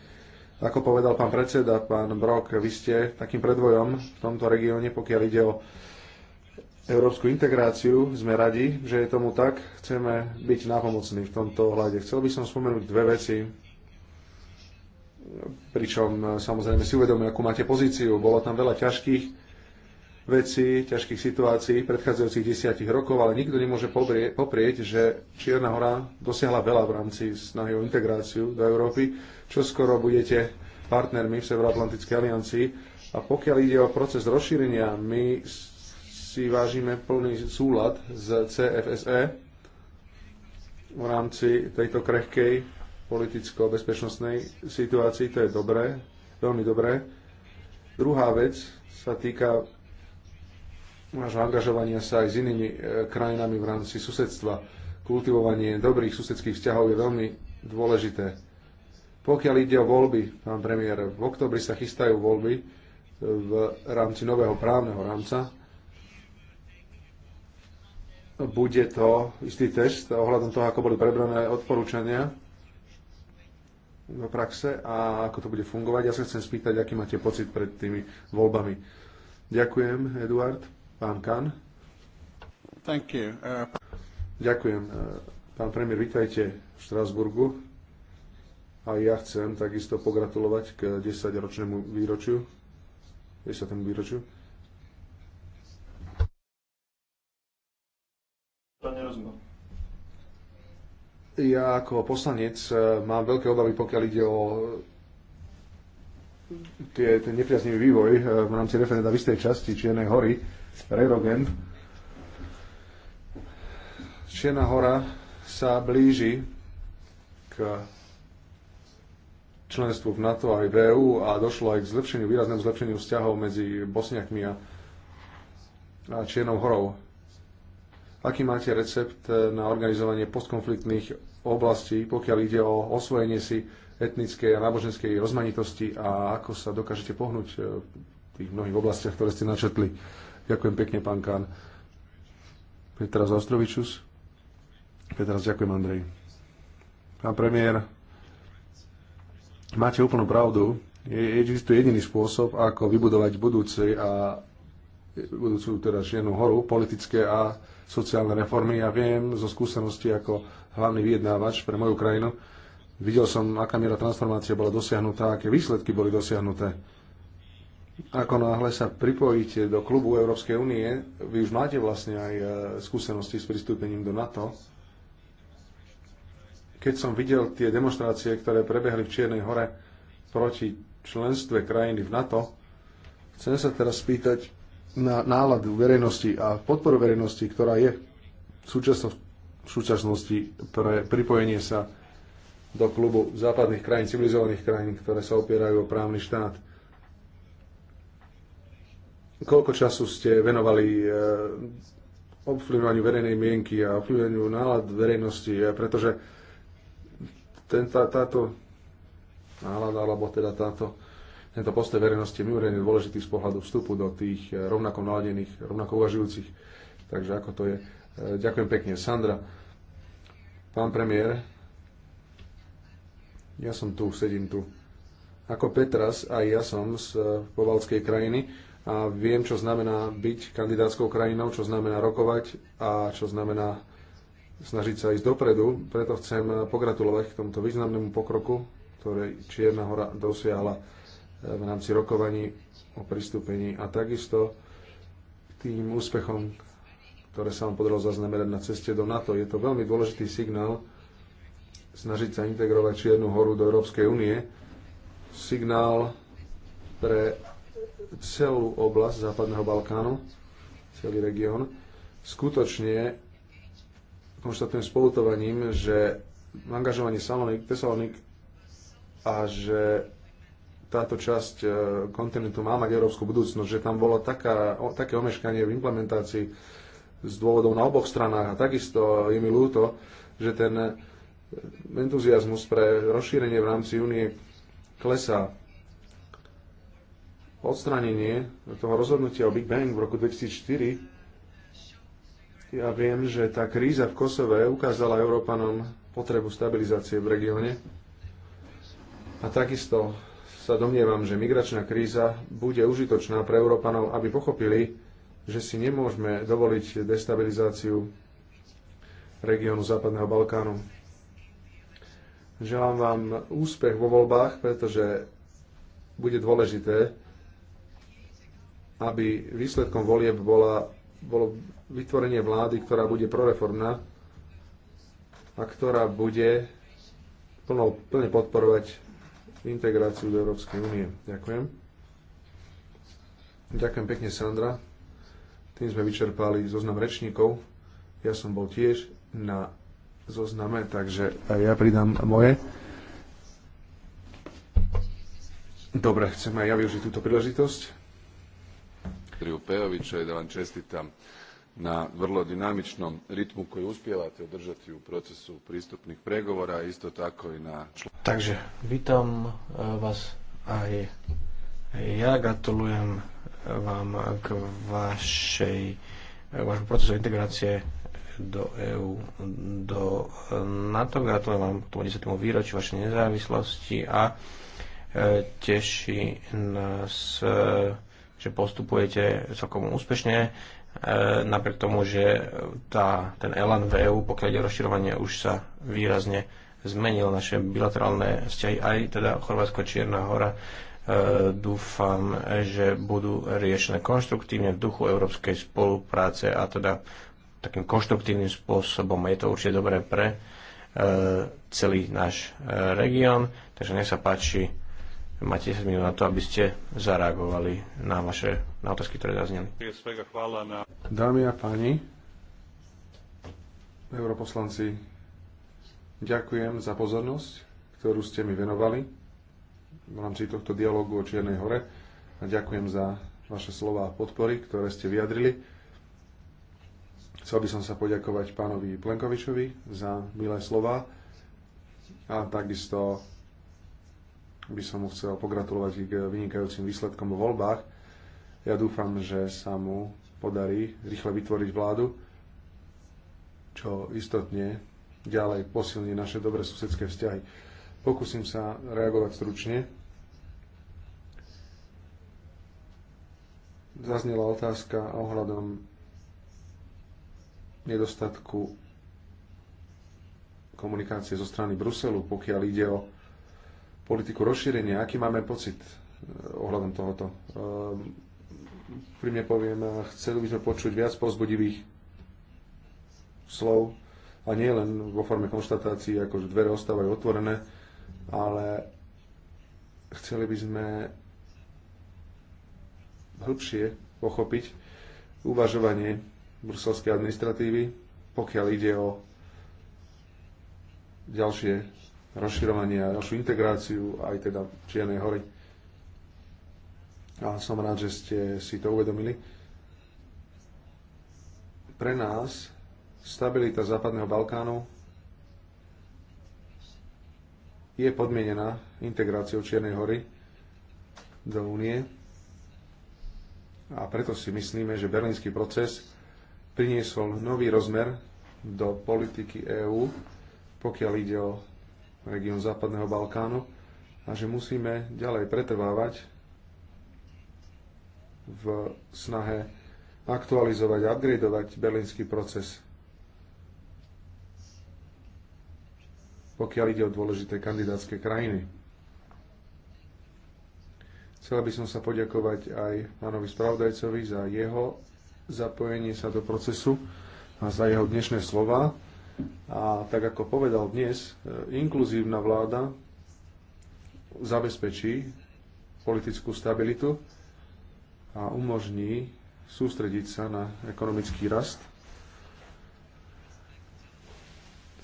Ako povedal pán predseda, pán Brok, vy ste takým predvojom v tomto regióne, pokiaľ ide o európsku integráciu. Sme radi, že je tomu tak. Chceme byť nápomocní v tomto ohľade. Chcel by som spomenúť dve veci, pričom eh, samozrejme si uvedomujem, akú máte pozíciu. Bolo tam veľa ťažkých veci, ťažkých situácií predchádzajúcich desiatich rokov, ale nikto nemôže poprieť, že Čierna hora dosiahla veľa v rámci snahy o integráciu do Európy, čo skoro budete partnermi v Severoatlantickej aliancii. A pokiaľ ide o proces rozšírenia, my si vážime plný súlad z CFSE v rámci tejto krehkej politicko-bezpečnostnej situácii. To je dobré, veľmi dobré. Druhá vec sa týka nášho angažovania sa aj s inými e, krajinami v rámci susedstva. Kultivovanie dobrých susedských vzťahov je veľmi dôležité. Pokiaľ ide o voľby, pán premiér, v oktobri sa chystajú voľby e, v rámci nového právneho rámca bude to istý test ohľadom toho, ako boli prebrané odporúčania do praxe a ako to bude fungovať. Ja sa chcem spýtať, aký máte pocit pred tými voľbami. Ďakujem, Eduard. Pán Kan. Thank you. Uh, Ďakujem. Uh, pán premiér, vítajte v Štrásburgu. A ja chcem takisto pogratulovať k 10-ročnému výročiu, 10. výročiu Ja ako poslanec e, mám veľké obavy, pokiaľ ide o tie, ten nepriaznivý vývoj e, v rámci referenda v istej časti Čiernej hory, Rerogen. Čierna hora sa blíži k členstvu v NATO aj v EU a došlo aj k zlepšeniu, výraznému zlepšeniu vzťahov medzi Bosniakmi a, a Čiernou horou. Aký máte recept e, na organizovanie postkonfliktných oblasti, pokiaľ ide o osvojenie si etnickej a náboženskej rozmanitosti a ako sa dokážete pohnúť e, v tých mnohých oblastiach, ktoré ste načetli. Ďakujem pekne, pán Kán. Petra Zastrovičus. Petra, ďakujem, Andrej. Pán premiér, máte úplnú pravdu. Je, existuje jediný spôsob, ako vybudovať budúci a e, budúcu teda žienu horu, politické a sociálne reformy. Ja viem zo skúsenosti ako hlavný vyjednávač pre moju krajinu, videl som, aká miera transformácie bola dosiahnutá, aké výsledky boli dosiahnuté. Ako náhle sa pripojíte do klubu Európskej únie, vy už máte vlastne aj e, skúsenosti s pristúpením do NATO, keď som videl tie demonstrácie, ktoré prebehli v Čiernej hore proti členstve krajiny v NATO, chcem sa teraz spýtať, na náladu verejnosti a podporu verejnosti, ktorá je v súčasnosti pre pripojenie sa do klubu západných krajín, civilizovaných krajín, ktoré sa opierajú o právny štát. Koľko času ste venovali eh, ovplyvňovaniu verejnej mienky a ovplyvňovaniu nálad verejnosti, pretože tenta, táto nálada, alebo teda táto tento postoj verejnosti je mimoriadne dôležitý z pohľadu vstupu do tých e, rovnako naladených, rovnako uvažujúcich. Takže ako to je. E, ďakujem pekne. Sandra, pán premiér, ja som tu, sedím tu. Ako Petras, aj ja som z e, povalskej krajiny a viem, čo znamená byť kandidátskou krajinou, čo znamená rokovať a čo znamená snažiť sa ísť dopredu, preto chcem pogratulovať k tomuto významnému pokroku, ktorý Čierna hora dosiahla v rámci rokovaní o pristúpení a takisto tým úspechom, ktoré sa vám podarilo zaznamenať na ceste do NATO. Je to veľmi dôležitý signál snažiť sa integrovať Čiernu horu do Európskej únie. Signál pre celú oblasť Západného Balkánu, celý región. Skutočne konštatujem spolutovaním, že angažovanie Salonik, Tesalonik a že táto časť e, kontinentu má mať európsku budúcnosť, že tam bolo taká, také omeškanie v implementácii z dôvodov na oboch stranách a takisto e, je mi ľúto, že ten e, entuziasmus pre rozšírenie v rámci únie klesá. odstranenie toho rozhodnutia o Big Bang v roku 2004 ja viem, že tá kríza v Kosove ukázala Európanom potrebu stabilizácie v regióne a takisto sa domnievam, že migračná kríza bude užitočná pre Európanov, aby pochopili, že si nemôžeme dovoliť destabilizáciu regiónu Západného Balkánu. Želám vám úspech vo voľbách, pretože bude dôležité, aby výsledkom volieb bola, bolo vytvorenie vlády, ktorá bude proreformná a ktorá bude plno, plne podporovať integráciu do Európskej únie. Ďakujem. Ďakujem pekne, Sandra. Tým sme vyčerpali zoznam rečníkov. Ja som bol tiež na zozname, takže ja pridám moje. Dobre, chcem aj ja využiť túto príležitosť. Triju Pejovića i da vam na vrlo dinamičnom ritmu koji uspijevate održati u procesu pristupnih pregovora, isto tako i na... Takže, vítam e, vás aj ja, gratulujem e, vám k vašej k e, procesu integrácie do EU do NATO. Gratulujem vám k tomu 10. výročiu vašej nezávislosti a teší nás, že postupujete celkom úspešne E, napriek tomu, že tá, ten elan v EU, pokiaľ ide rozširovanie, už sa výrazne zmenil naše bilaterálne vzťahy, aj teda Chorvátsko, Čierna hora. E, dúfam, že budú riešené konštruktívne v duchu európskej spolupráce a teda takým konštruktívnym spôsobom. Je to určite dobré pre e, celý náš región, takže nech sa páči Máte 10 minút na to, aby ste zareagovali na vaše na otázky, ktoré zazneli. Dámy a páni, europoslanci, ďakujem za pozornosť, ktorú ste mi venovali v rámci tohto dialogu o Čiernej hore a ďakujem za vaše slova a podpory, ktoré ste vyjadrili. Chcel by som sa poďakovať pánovi Plenkovičovi za milé slova a takisto by som mu chcel pogratulovať k vynikajúcim výsledkom vo voľbách. Ja dúfam, že sa mu podarí rýchle vytvoriť vládu, čo istotne ďalej posilní naše dobré susedské vzťahy. Pokúsim sa reagovať stručne. Zaznela otázka ohľadom nedostatku komunikácie zo strany Bruselu, pokiaľ ide o politiku rozšírenia, aký máme pocit eh, ohľadom tohoto. Eh, Pri mne poviem, eh, chceli by sme počuť viac pozbudivých slov a nie len vo forme konštatácií, ako že dvere ostávajú otvorené, ale chceli by sme hĺbšie pochopiť uvažovanie bruselskej administratívy, pokiaľ ide o ďalšie rozširovanie a ďalšiu integráciu aj teda Čiernej hory. A som rád, že ste si to uvedomili. Pre nás stabilita Západného Balkánu je podmienená integráciou Čiernej hory do únie. A preto si myslíme, že berlínsky proces priniesol nový rozmer do politiky EÚ, pokiaľ ide o región Západného Balkánu a že musíme ďalej pretrvávať v snahe aktualizovať a upgradovať berlínsky proces, pokiaľ ide o dôležité kandidátske krajiny. Chcela by som sa poďakovať aj pánovi spravodajcovi za jeho zapojenie sa do procesu a za jeho dnešné slova. A tak ako povedal dnes, e, inkluzívna vláda zabezpečí politickú stabilitu a umožní sústrediť sa na ekonomický rast.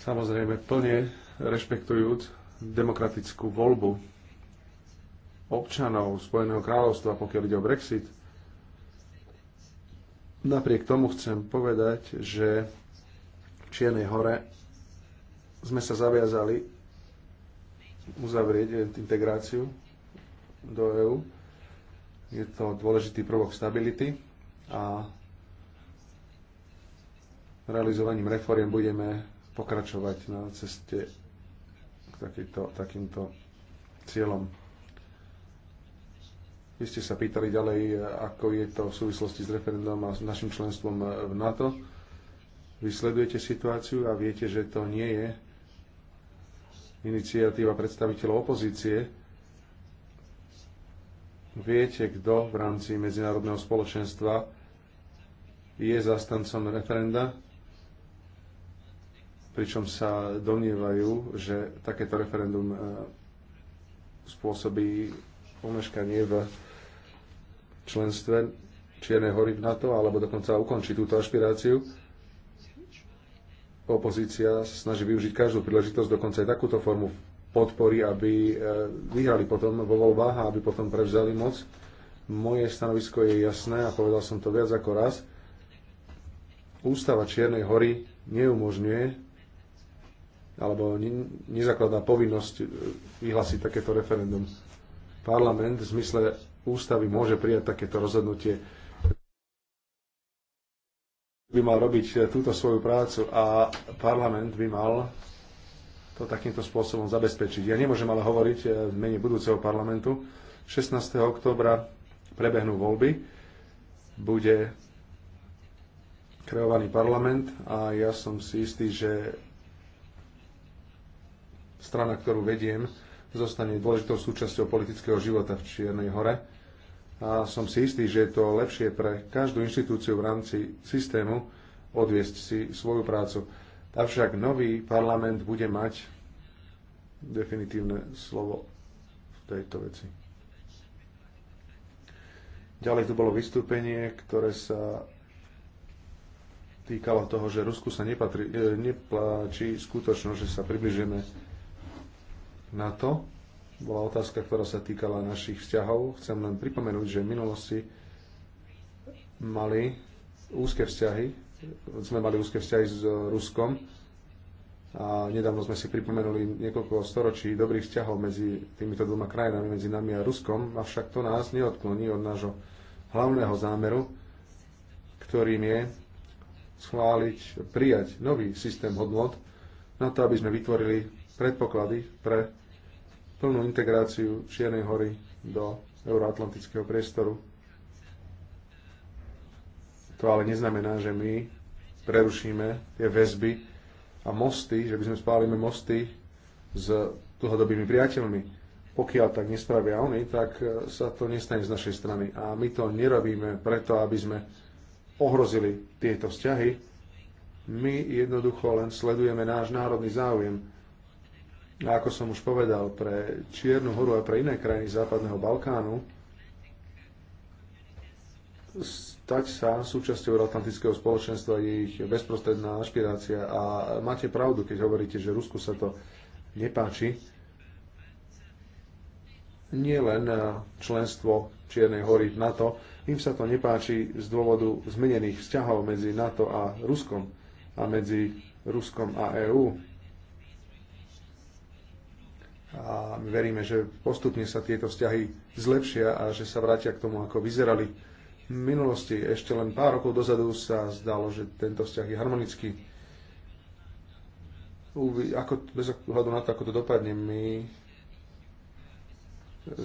Samozrejme plne rešpektujúc demokratickú voľbu občanov Spojeného kráľovstva, pokiaľ ide o Brexit. Napriek tomu chcem povedať, že Čiernej hore sme sa zaviazali uzavrieť e, integráciu do EÚ. Je to dôležitý prvok stability a realizovaním reforiem budeme pokračovať na ceste k takýto, takýmto cieľom. Vy ste sa pýtali ďalej, ako je to v súvislosti s referendum a s našim členstvom v NATO. Vy sledujete situáciu a viete, že to nie je iniciatíva predstaviteľov opozície. Viete, kto v rámci medzinárodného spoločenstva je zastancom referenda, pričom sa domnievajú, že takéto referendum e, spôsobí omeškanie v členstve Čiernej hory v NATO, alebo dokonca ukončí túto ašpiráciu opozícia snaží využiť každú príležitosť, dokonca aj takúto formu podpory, aby e, vyhrali potom vo voľbách a aby potom prevzali moc. Moje stanovisko je jasné a povedal som to viac ako raz. Ústava Čiernej hory neumožňuje alebo nezakladá povinnosť e, vyhlásiť takéto referendum. Parlament v zmysle ústavy môže prijať takéto rozhodnutie by mal robiť eh, túto svoju prácu a parlament by mal to takýmto spôsobom zabezpečiť. Ja nemôžem ale hovoriť eh, v mene budúceho parlamentu. 16. oktobra prebehnú voľby, bude kreovaný parlament a ja som si istý, že strana, ktorú vediem, zostane dôležitou súčasťou politického života v Čiernej hore a som si istý, že je to lepšie pre každú inštitúciu v rámci systému odviesť si svoju prácu. Avšak nový parlament bude mať definitívne slovo v tejto veci. Ďalej tu bolo vystúpenie, ktoré sa týkalo toho, že Rusku sa nepatrí, e, nepláči skutočnosť, že sa približujeme na to bola otázka, ktorá sa týkala našich vzťahov. Chcem len pripomenúť, že v minulosti mali úzke vzťahy, sme mali úzke vzťahy s Ruskom a nedávno sme si pripomenuli niekoľko storočí dobrých vzťahov medzi týmito dvoma krajinami, medzi nami a Ruskom, avšak to nás neodkloní od nášho hlavného zámeru, ktorým je schváliť, prijať nový systém hodnot na to, aby sme vytvorili predpoklady pre plnú integráciu Čiernej hory do euroatlantického priestoru. To ale neznamená, že my prerušíme tie väzby a mosty, že by sme spálime mosty s dlhodobými priateľmi pokiaľ tak nespravia oni, tak e, sa to nestane z našej strany. A my to nerobíme preto, aby sme ohrozili tieto vzťahy. My jednoducho len sledujeme náš národný záujem. A ako som už povedal, pre Čiernu horu a pre iné krajiny Západného Balkánu stať sa súčasťou Euroatlantického spoločenstva je ich bezprostredná aspirácia A máte pravdu, keď hovoríte, že Rusku sa to nepáči. Nie len eh, členstvo Čiernej hory v NATO, im sa to nepáči z dôvodu zmenených vzťahov medzi NATO a Ruskom a medzi Ruskom a EÚ a my veríme, že postupne sa tieto vzťahy zlepšia a že sa vrátia k tomu, ako vyzerali v minulosti. Ešte len pár rokov dozadu sa zdalo, že tento vzťah je harmonický. Uvi, ako, bez ohľadu na to, ako to dopadne, my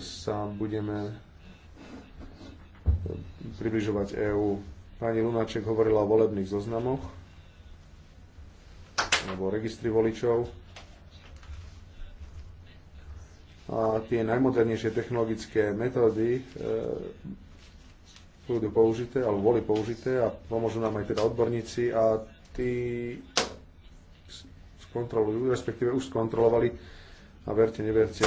sa budeme približovať EÚ. Pani Lunáček hovorila o volebných zoznamoch alebo registri voličov a tie najmodernejšie technologické metódy budú e, použité, alebo boli použité a pomôžu nám aj teda odborníci a tí skontrolujú, respektíve už skontrolovali a verte, neverte,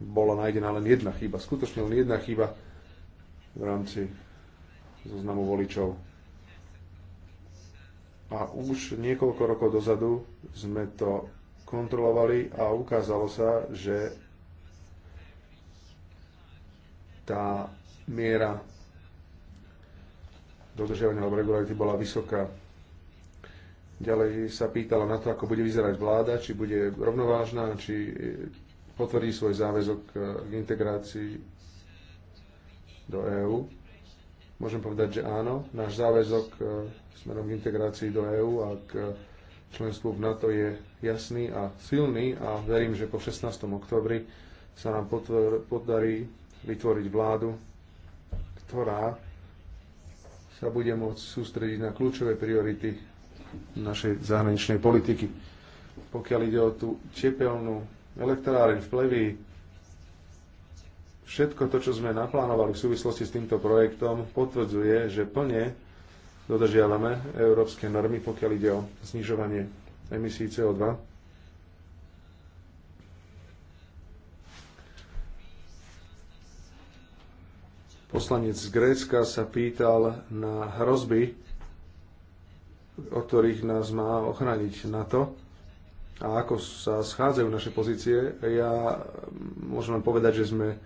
bola nájdená len jedna chyba, skutočne len jedna chyba v rámci zoznamu voličov. A už niekoľko rokov dozadu sme to kontrolovali a ukázalo sa, že tá miera dodržiavania alebo regularity bola vysoká. Ďalej sa pýtala na to, ako bude vyzerať vláda, či bude rovnovážna, či potvrdí svoj záväzok k integrácii do EÚ. Môžem povedať, že áno. Náš záväzok e, smerom k integrácii do EÚ a k členstvu v NATO je jasný a silný a verím, že po 16. oktobri sa nám podarí vytvoriť vládu, ktorá sa bude môcť sústrediť na kľúčové priority našej zahraničnej politiky. Pokiaľ ide o tú tepelnú elektráreň v Pleví, všetko to, čo sme naplánovali v súvislosti s týmto projektom, potvrdzuje, že plne dodržiavame európske normy, pokiaľ ide o znižovanie emisí CO2 Poslanec z Grécka sa pýtal na hrozby, o ktorých nás má ochrániť NATO a ako sa schádzajú naše pozície. Ja môžem vám povedať, že sme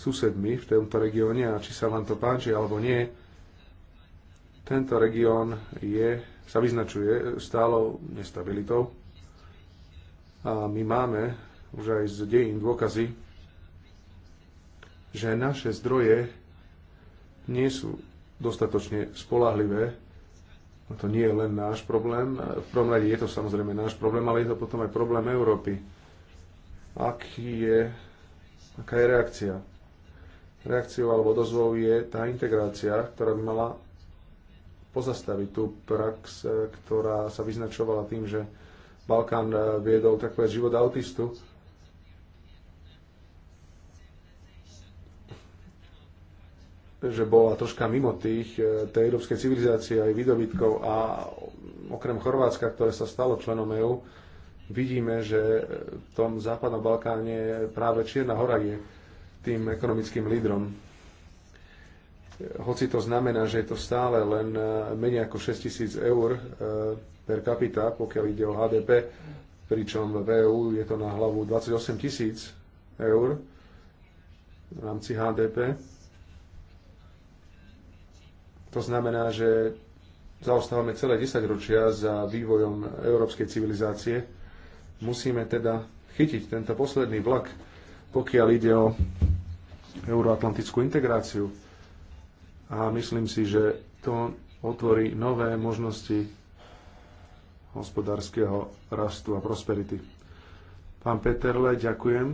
susedmi v tomto regióne a či sa vám to páči alebo nie, tento región je, sa vyznačuje stálou nestabilitou a my máme už aj z dejín dôkazy, že naše zdroje nie sú dostatočne spolahlivé. A no to nie je len náš problém. V prvom rade je to samozrejme náš problém, ale je to potom aj problém Európy. Aký je, aká je reakcia? Reakciou alebo dozvou je tá integrácia, ktorá by mala pozastaviť tú prax, eh, ktorá sa vyznačovala tým, že Balkán eh, viedol takové život autistu že bola troška mimo tých, e, tej európskej civilizácie aj výdobytkov a okrem Chorvátska, ktoré sa stalo členom EÚ, vidíme, že v tom západnom Balkáne práve Čierna hora je tým ekonomickým lídrom. E, hoci to znamená, že je to stále len e, menej ako 6 tisíc eur per capita, pokiaľ ide o HDP, pričom v EU je to na hlavu 28 tisíc eur v rámci HDP to znamená, že zaostávame celé 10 ročia za vývojom európskej civilizácie. Musíme teda chytiť tento posledný vlak, pokiaľ ide o euroatlantickú integráciu. A myslím si, že to otvorí nové možnosti hospodárskeho rastu a prosperity. Pán Peterle, ďakujem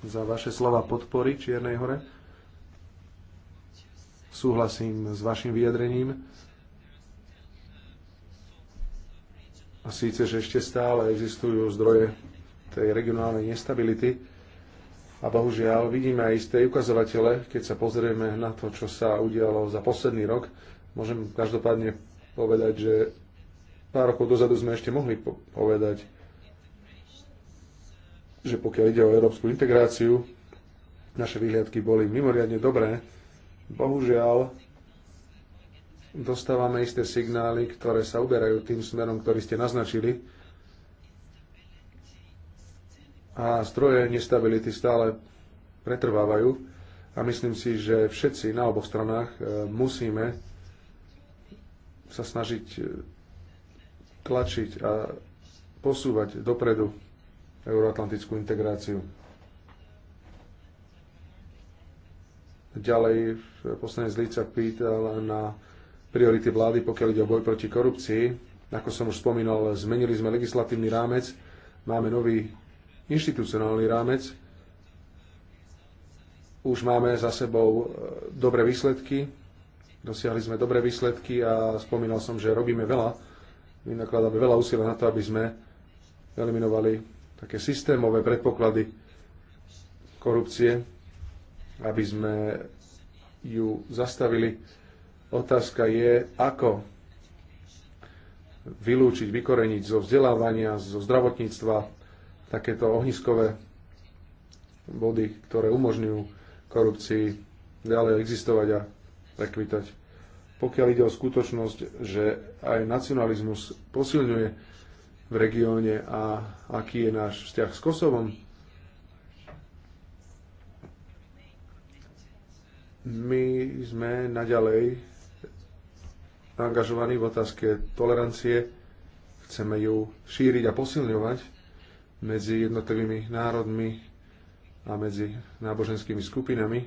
za vaše slova podpory Čiernej hore. Súhlasím s vašim vyjadrením. A síce, že ešte stále existujú zdroje tej regionálnej nestability, a bohužiaľ vidíme aj isté ukazovatele, keď sa pozrieme na to, čo sa udialo za posledný rok. Môžem každopádne povedať, že pár rokov dozadu sme ešte mohli povedať, že pokiaľ ide o európsku integráciu, naše výhľadky boli mimoriadne dobré Bohužiaľ, dostávame isté signály, ktoré sa uberajú tým smerom, ktorý ste naznačili. A stroje nestability stále pretrvávajú. A myslím si, že všetci na oboch stranách e, musíme sa snažiť e, tlačiť a posúvať dopredu euroatlantickú integráciu. Ďalej poslanec Líca pýtal na priority vlády, pokiaľ ide o boj proti korupcii. Ako som už spomínal, zmenili sme legislatívny rámec, máme nový inštitucionálny rámec, už máme za sebou e, dobré výsledky, dosiahli sme dobré výsledky a spomínal som, že robíme veľa, my nakladáme veľa úsilia na to, aby sme eliminovali také systémové predpoklady korupcie, aby sme ju zastavili. Otázka je, ako vylúčiť, vykoreniť zo vzdelávania, zo zdravotníctva takéto ohniskové body, ktoré umožňujú korupcii ďalej existovať a prekvitať. Pokiaľ ide o skutočnosť, že aj nacionalizmus posilňuje v regióne a aký je náš vzťah s Kosovom, My sme naďalej angažovaní v otázke tolerancie. Chceme ju šíriť a posilňovať medzi jednotlivými národmi a medzi náboženskými skupinami.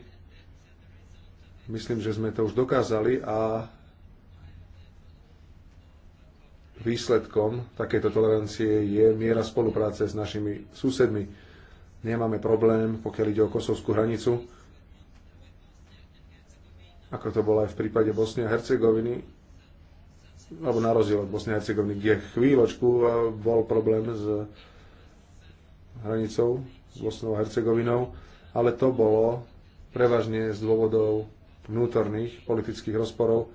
Myslím, že sme to už dokázali a výsledkom takéto tolerancie je miera spolupráce s našimi susedmi. Nemáme problém, pokiaľ ide o kosovskú hranicu ako to bolo aj v prípade Bosny a Hercegoviny, alebo na rozdiel od Bosny a Hercegoviny, kde chvíľočku e, bol problém s hranicou s Bosnou a Hercegovinou, ale to bolo prevažne z dôvodov vnútorných politických rozporov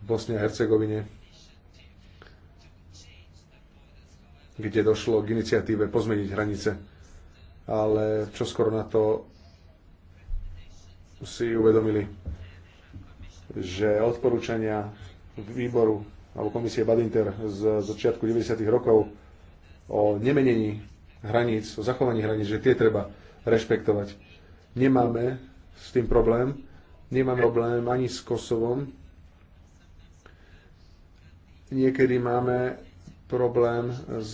v Bosne a Hercegovine, kde došlo k iniciatíve pozmeniť hranice. Ale čo skoro na to si uvedomili že odporúčania výboru alebo komisie Badinter z začiatku 90. rokov o nemenení hraníc, o zachovaní hraníc, že tie treba rešpektovať. Nemáme s tým problém, nemáme problém ani s Kosovom. Niekedy máme problém s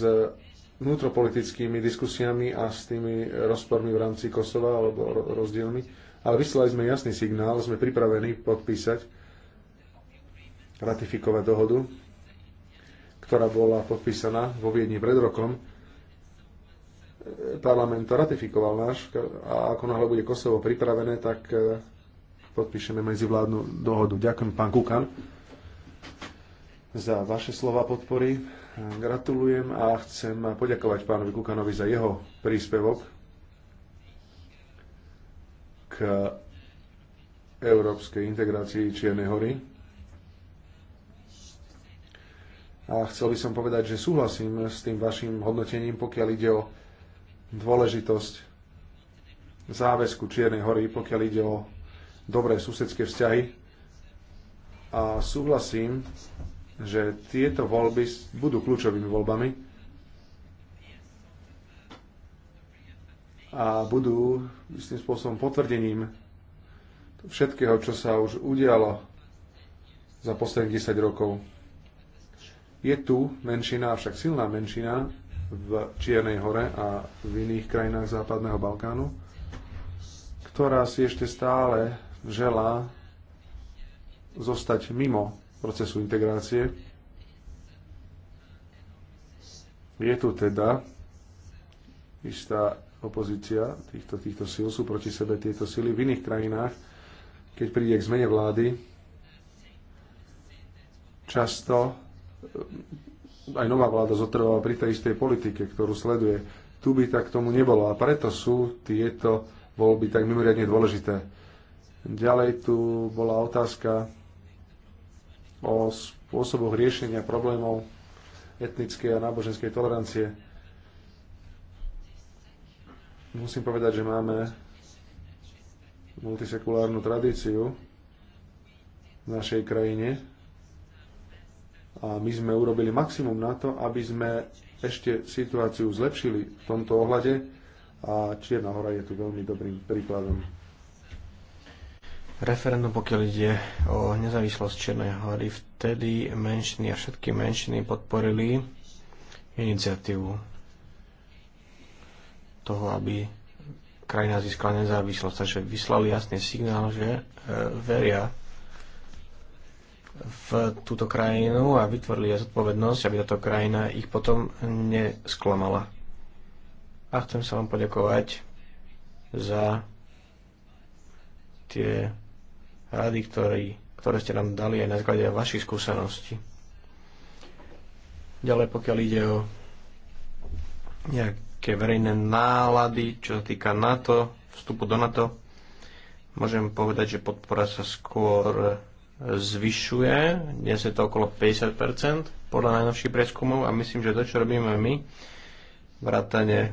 vnútropolitickými diskusiami a s tými rozpormi v rámci Kosova alebo rozdielmi ale vyslali sme jasný signál, sme pripravení podpísať, ratifikovať dohodu, ktorá bola podpísaná vo Viedni pred rokom. Parlament to ratifikoval náš a ako náhle bude Kosovo pripravené, tak e, podpíšeme medzivládnu dohodu. Ďakujem, pán Kukan, za vaše slova podpory. Gratulujem a chcem poďakovať pánovi Kukanovi za jeho príspevok k európskej integrácii Čiernej hory. A chcel by som povedať, že súhlasím s tým vašim hodnotením, pokiaľ ide o dôležitosť záväzku Čiernej hory, pokiaľ ide o dobré susedské vzťahy. A súhlasím, že tieto voľby budú kľúčovými voľbami a budú istým spôsobom potvrdením všetkého, čo sa už udialo za posledných 10 rokov. Je tu menšina, avšak silná menšina v Čiernej hore a v iných krajinách Západného Balkánu, ktorá si ešte stále želá zostať mimo procesu integrácie. Je tu teda istá opozícia týchto, týchto síl, sú proti sebe tieto síly. V iných krajinách, keď príde k zmene vlády, často um, aj nová vláda zotrváva pri tej istej politike, ktorú sleduje. Tu by tak tomu nebolo a preto sú tieto voľby tak mimoriadne dôležité. Ďalej tu bola otázka o spôsoboch riešenia problémov etnickej a náboženskej tolerancie Musím povedať, že máme multisekulárnu tradíciu v našej krajine a my sme urobili maximum na to, aby sme ešte situáciu zlepšili v tomto ohľade a Čierna hora je tu veľmi dobrým príkladom. Referendum, pokiaľ ide o nezávislosť Čiernej hory, vtedy menšiny a všetky menšiny podporili iniciatívu toho, aby krajina získala nezávislosť. Takže vyslali jasný signál, že e, veria v túto krajinu a vytvorili aj zodpovednosť, aby táto krajina ich potom nesklamala. A chcem sa vám poďakovať za tie rady, ktoré, ktoré ste nám dali aj na základe vašich skúseností. Ďalej, pokiaľ ide o nejak tie verejné nálady, čo sa týka NATO, vstupu do NATO, môžem povedať, že podpora sa skôr zvyšuje. Dnes je to okolo 50% podľa najnovších prieskumov a myslím, že to, čo robíme my, vrátane e,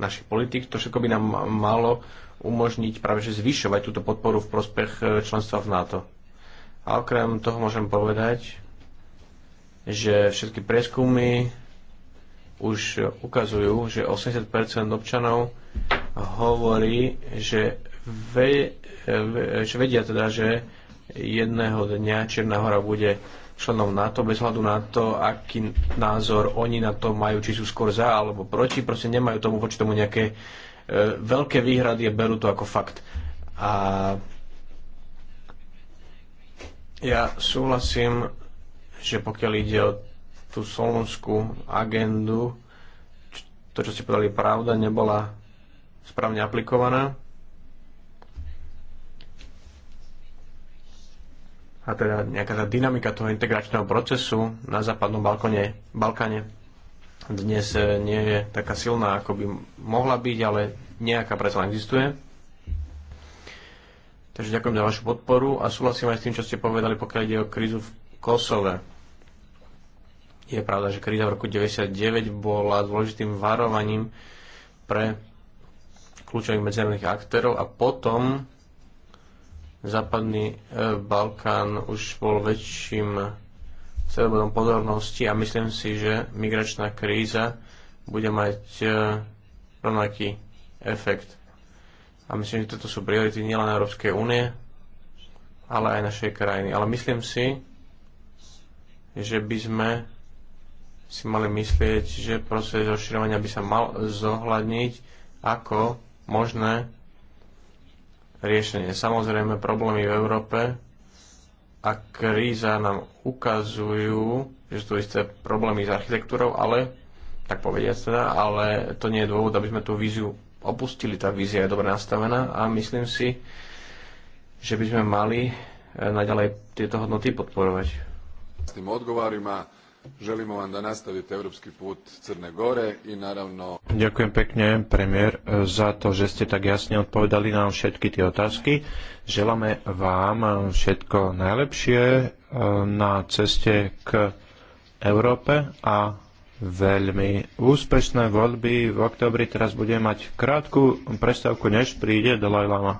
našich politik, to všetko by nám malo umožniť práve že zvyšovať túto podporu v prospech e, členstva v NATO. A okrem toho môžem povedať, že všetky prieskumy už ukazujú, že 80% občanov hovorí, že, ve, že vedia teda, že jedného dňa Čierna hora bude členom NATO, bez hľadu na to, aký názor oni na to majú, či sú skôr za alebo proti, proste nemajú tomu voči tomu nejaké e, veľké výhrady a berú to ako fakt. A ja súhlasím že pokiaľ ide o tú solonskú agendu, to, čo ste povedali, pravda, nebola správne aplikovaná. A teda nejaká tá dynamika toho integračného procesu na západnom balkone, Balkáne dnes eh, nie je taká silná, ako by mohla byť, ale nejaká predsa existuje. Takže ďakujem za vašu podporu a súhlasím aj s tým, čo ste povedali, pokiaľ ide o krízu v Kosove. Je pravda, že kríza v roku 1999 bola dôležitým varovaním pre kľúčových medzinárodných aktérov a potom západný e, Balkán už bol väčším stredobodom pozornosti a myslím si, že migračná kríza bude mať e, rovnaký efekt. A myslím, že toto sú priority nielen Európskej únie, ale aj našej krajiny. Ale myslím si, že by sme si mali myslieť, že proces rozširovania by sa mal zohľadniť ako možné riešenie. Samozrejme, problémy v Európe a kríza nám ukazujú, že sú isté problémy s architektúrou, ale tak povediať teda, ale to nie je dôvod, aby sme tú víziu opustili. Tá vízia je dobre nastavená a myslím si, že by sme mali eh, naďalej tieto hodnoty podporovať s tim odgovorima. Želimo vam da nastavite europski put Crne Gore i naravno... Ďakujem pekne, premiér, za to, že ste tak jasne odpovedali na všetky tie otázky. Želáme vám všetko najlepšie e, na ceste k Európe a veľmi úspešné voľby v oktobri. Teraz budeme mať krátku prestávku, než príde Dalaj Lama.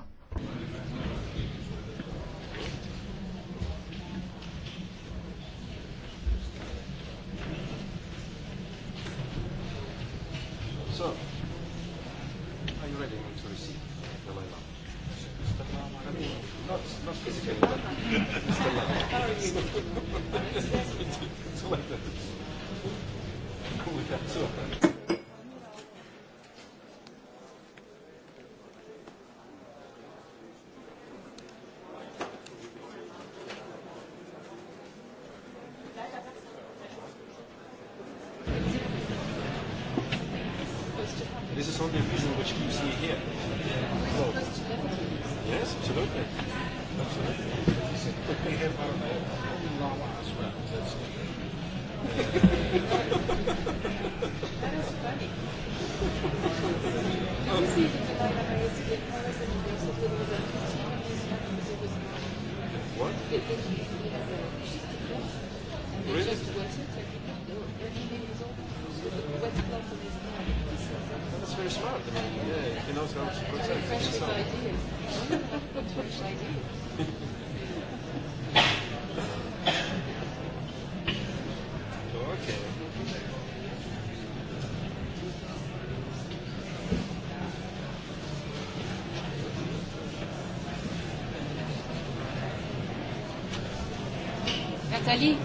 Nathalie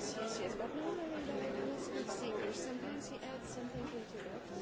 yes, yes, yes. But no, no, no, no, no, no, sometimes he adds something into it.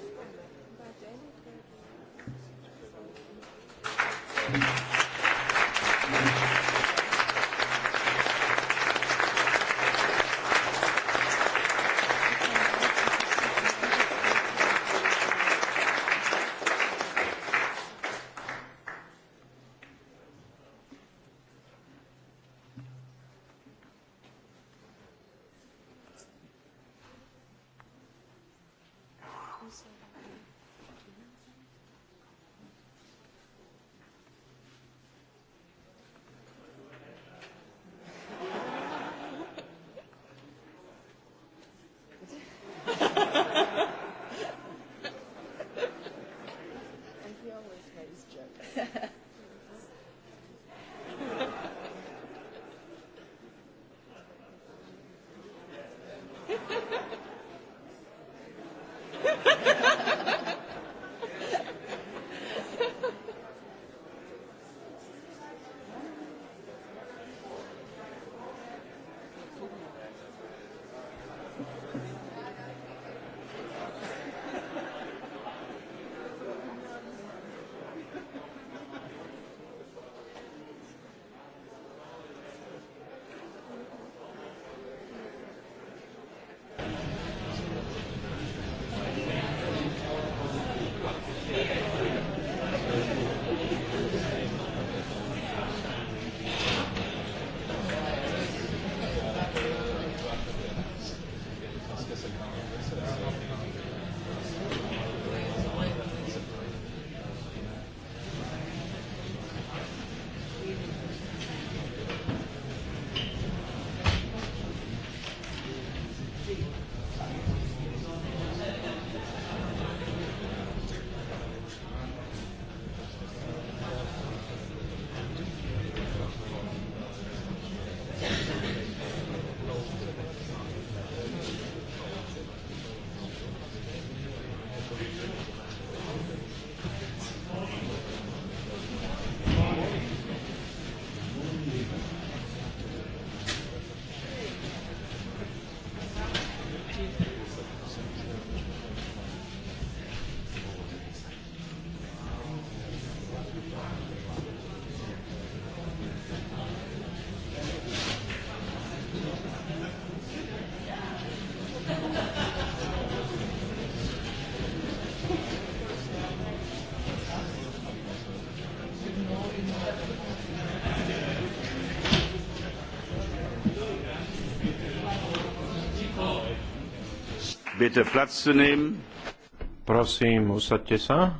Prosím, usadte sa.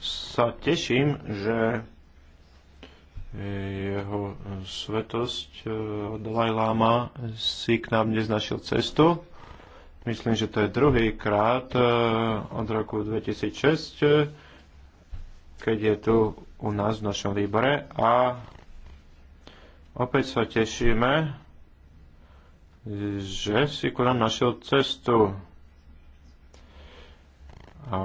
Sa teším, že e, jeho svetosť e, Dalaj Lama si k nám dnes našiel cestu. Myslím, že to je druhý krát e, od roku 2006, keď je tu u nás v našom výbore a opäť sa tešíme, že si Korán našiel cestu a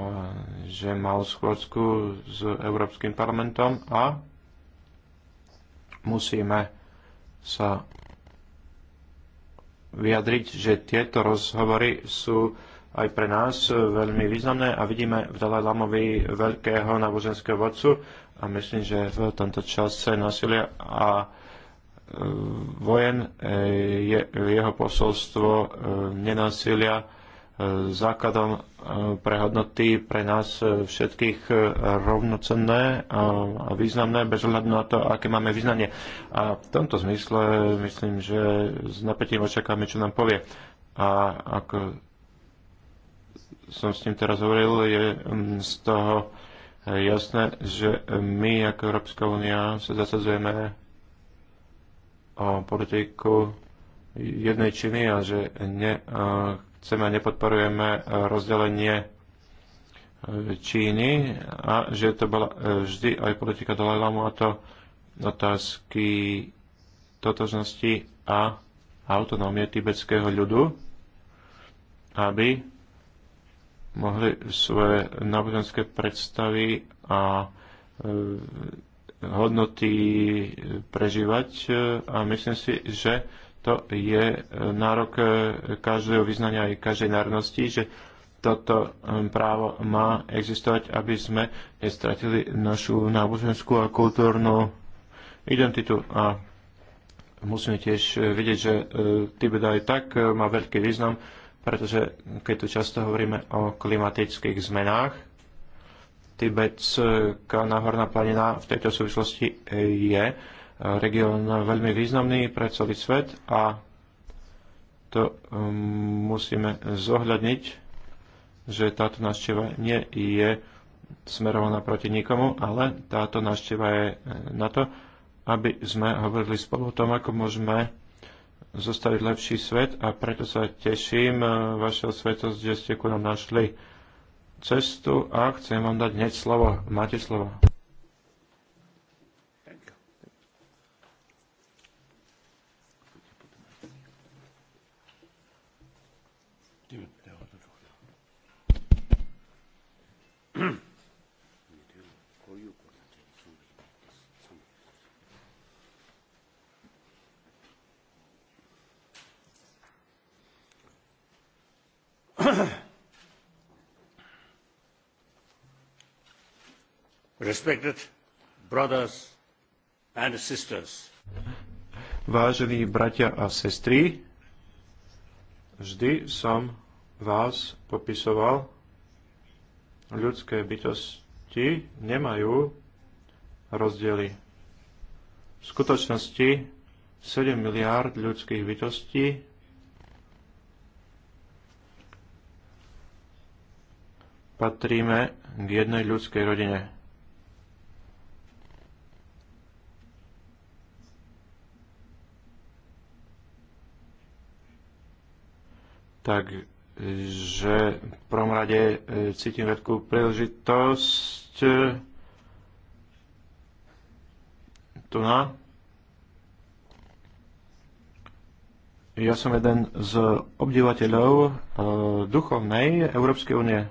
že mal schôdzku s Európskym parlamentom a musíme sa vyjadriť, že tieto rozhovory sú aj pre nás veľmi významné a vidíme v Dalaj Lamovi veľkého náboženského vodcu a myslím, že v tomto čase násilia a vojen e, je jeho posolstvo e, nenásilia e, základom pre hodnoty pre nás všetkých rovnocenné a významné, bez ohľadu na to, aké máme význanie. A v tomto zmysle myslím, že s napätím očakáme, čo nám povie. A ako som s ním teraz hovoril, je z toho jasné, že my ako Európska únia sa zasadzujeme o politiku jednej činy a že ne, chceme a nepodporujeme rozdelenie Číny a že to bola vždy aj politika Dalajlamu a to otázky totožnosti a autonómie tibetského ľudu, aby mohli svoje náboženské predstavy a e, hodnoty e, prežívať e, a myslím si, že to je e, nárok každého vyznania aj každej národnosti, že toto právo má existovať, aby sme nestratili našu náboženskú a kultúrnu identitu. A musíme tiež vidieť, že Tibet aj tak má veľký význam, pretože keď tu často hovoríme o klimatických zmenách, Tibetská náhorná planina v tejto súvislosti e, je e, región veľmi významný pre celý svet a to musíme zohľadniť, že táto návšteva nie je smerovaná proti nikomu, ale táto návšteva je e, na to, aby sme hovorili spolu o tom, ako môžeme zostaviť lepší svet a preto sa teším vašeho svetosť, že ste ku nám našli cestu a chcem vám dať hneď slovo. Máte slovo. Ahem. Vážení bratia a sestry, vždy som vás popisoval, ľudské bytosti nemajú rozdiely. V skutočnosti 7 miliárd ľudských bytostí patríme k jednej ľudskej rodine. Takže v prvom rade e, cítim veľkú príležitosť e, tu na. Ja som jeden z obdivateľov e, duchovnej Európskej únie.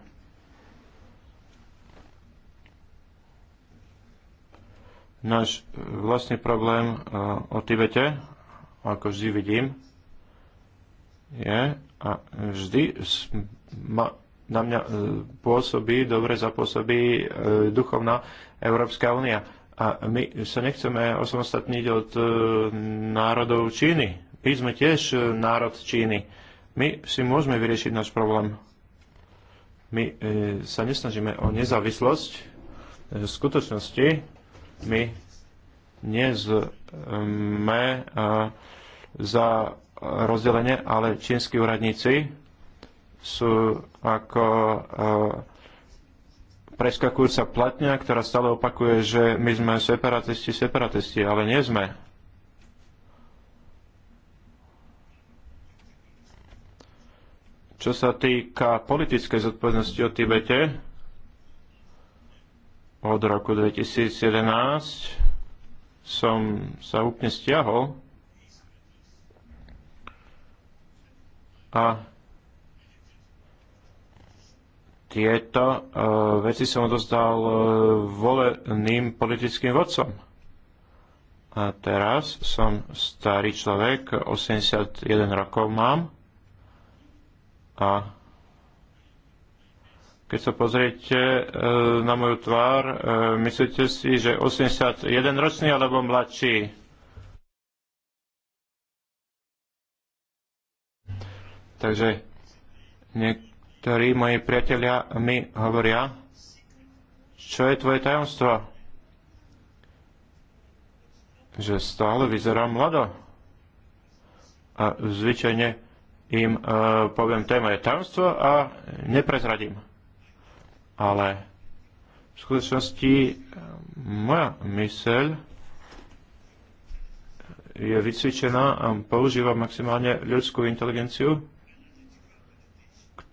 Náš e, vlastný problém e, o Tibete, ako vždy vidím, je, a vždy ma, na mňa e, pôsobí, dobre zapôsobí e, duchovná Európska únia. A my sa nechceme osamostatniť od e, národov Číny. My sme tiež národ Číny. My si môžeme vyriešiť náš problém. My sa nesnažíme o nezávislosť. V skutočnosti my nie sme za rozdelenie, ale čínsky úradníci sú ako e, preskakujúca platňa, ktorá stále opakuje, že my sme separatisti, separatisti, ale nie sme. Čo sa týka politickej zodpovednosti o Tibete od roku 2011, som sa úplne stiahol a tieto uh, veci som dostal uh, voleným politickým vodcom. A teraz som starý človek, 81 rokov mám a keď sa pozriete e, na moju tvár, myslíte si, že 81 ročný alebo mladší? Takže niektorí moji priatelia mi hovoria, čo je tvoje tajomstvo? Že stále vyzerá mlado. A zvyčajne im e, poviem, to je moje tajomstvo a neprezradím. Ale v skutočnosti e, moja myseľ je vycvičená a používa maximálne ľudskú inteligenciu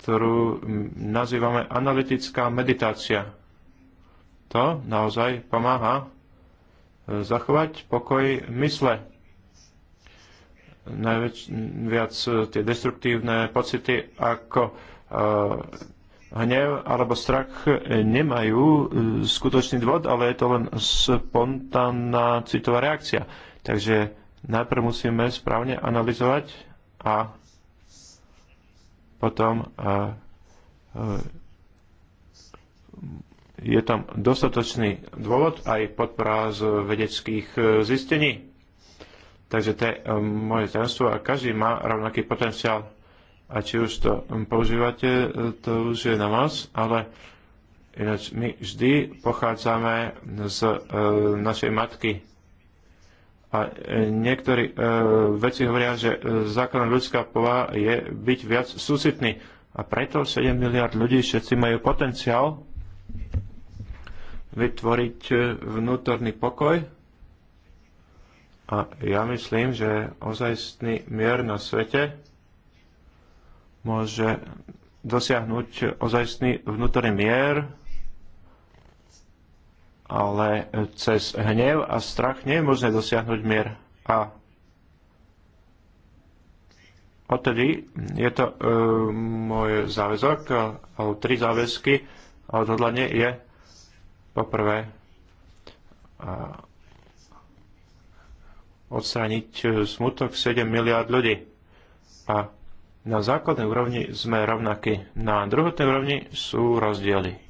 ktorú nazývame analytická meditácia. To naozaj pomáha e, zachovať pokoj mysle. Najviac e, tie destruktívne pocity ako e, hnev alebo strach nemajú skutočný dôvod, ale je to len spontánna citová reakcia. Takže najprv musíme správne analyzovať a potom e, je tam dostatočný dôvod aj podpora z vedeckých e, zistení. Takže to je e, moje tajomstvo a každý má rovnaký potenciál. A či už to používate, to už je na vás, ale ináč my vždy pochádzame z našej matky a e, niektorí e, veci hovoria, že e, základná ľudská povaha je byť viac súcitný. A preto 7 miliard ľudí všetci majú potenciál vytvoriť e, vnútorný pokoj. A ja myslím, že ozajstný mier na svete môže dosiahnuť ozajstný vnútorný mier ale cez hnev a strach nie je možné dosiahnuť mier. A odtedy je to e, môj záväzok, alebo tri záväzky a odhodlanie je poprvé a e, odstrániť e, smutok 7 miliard ľudí. A na základnej úrovni sme rovnakí, na druhotnej úrovni sú rozdiely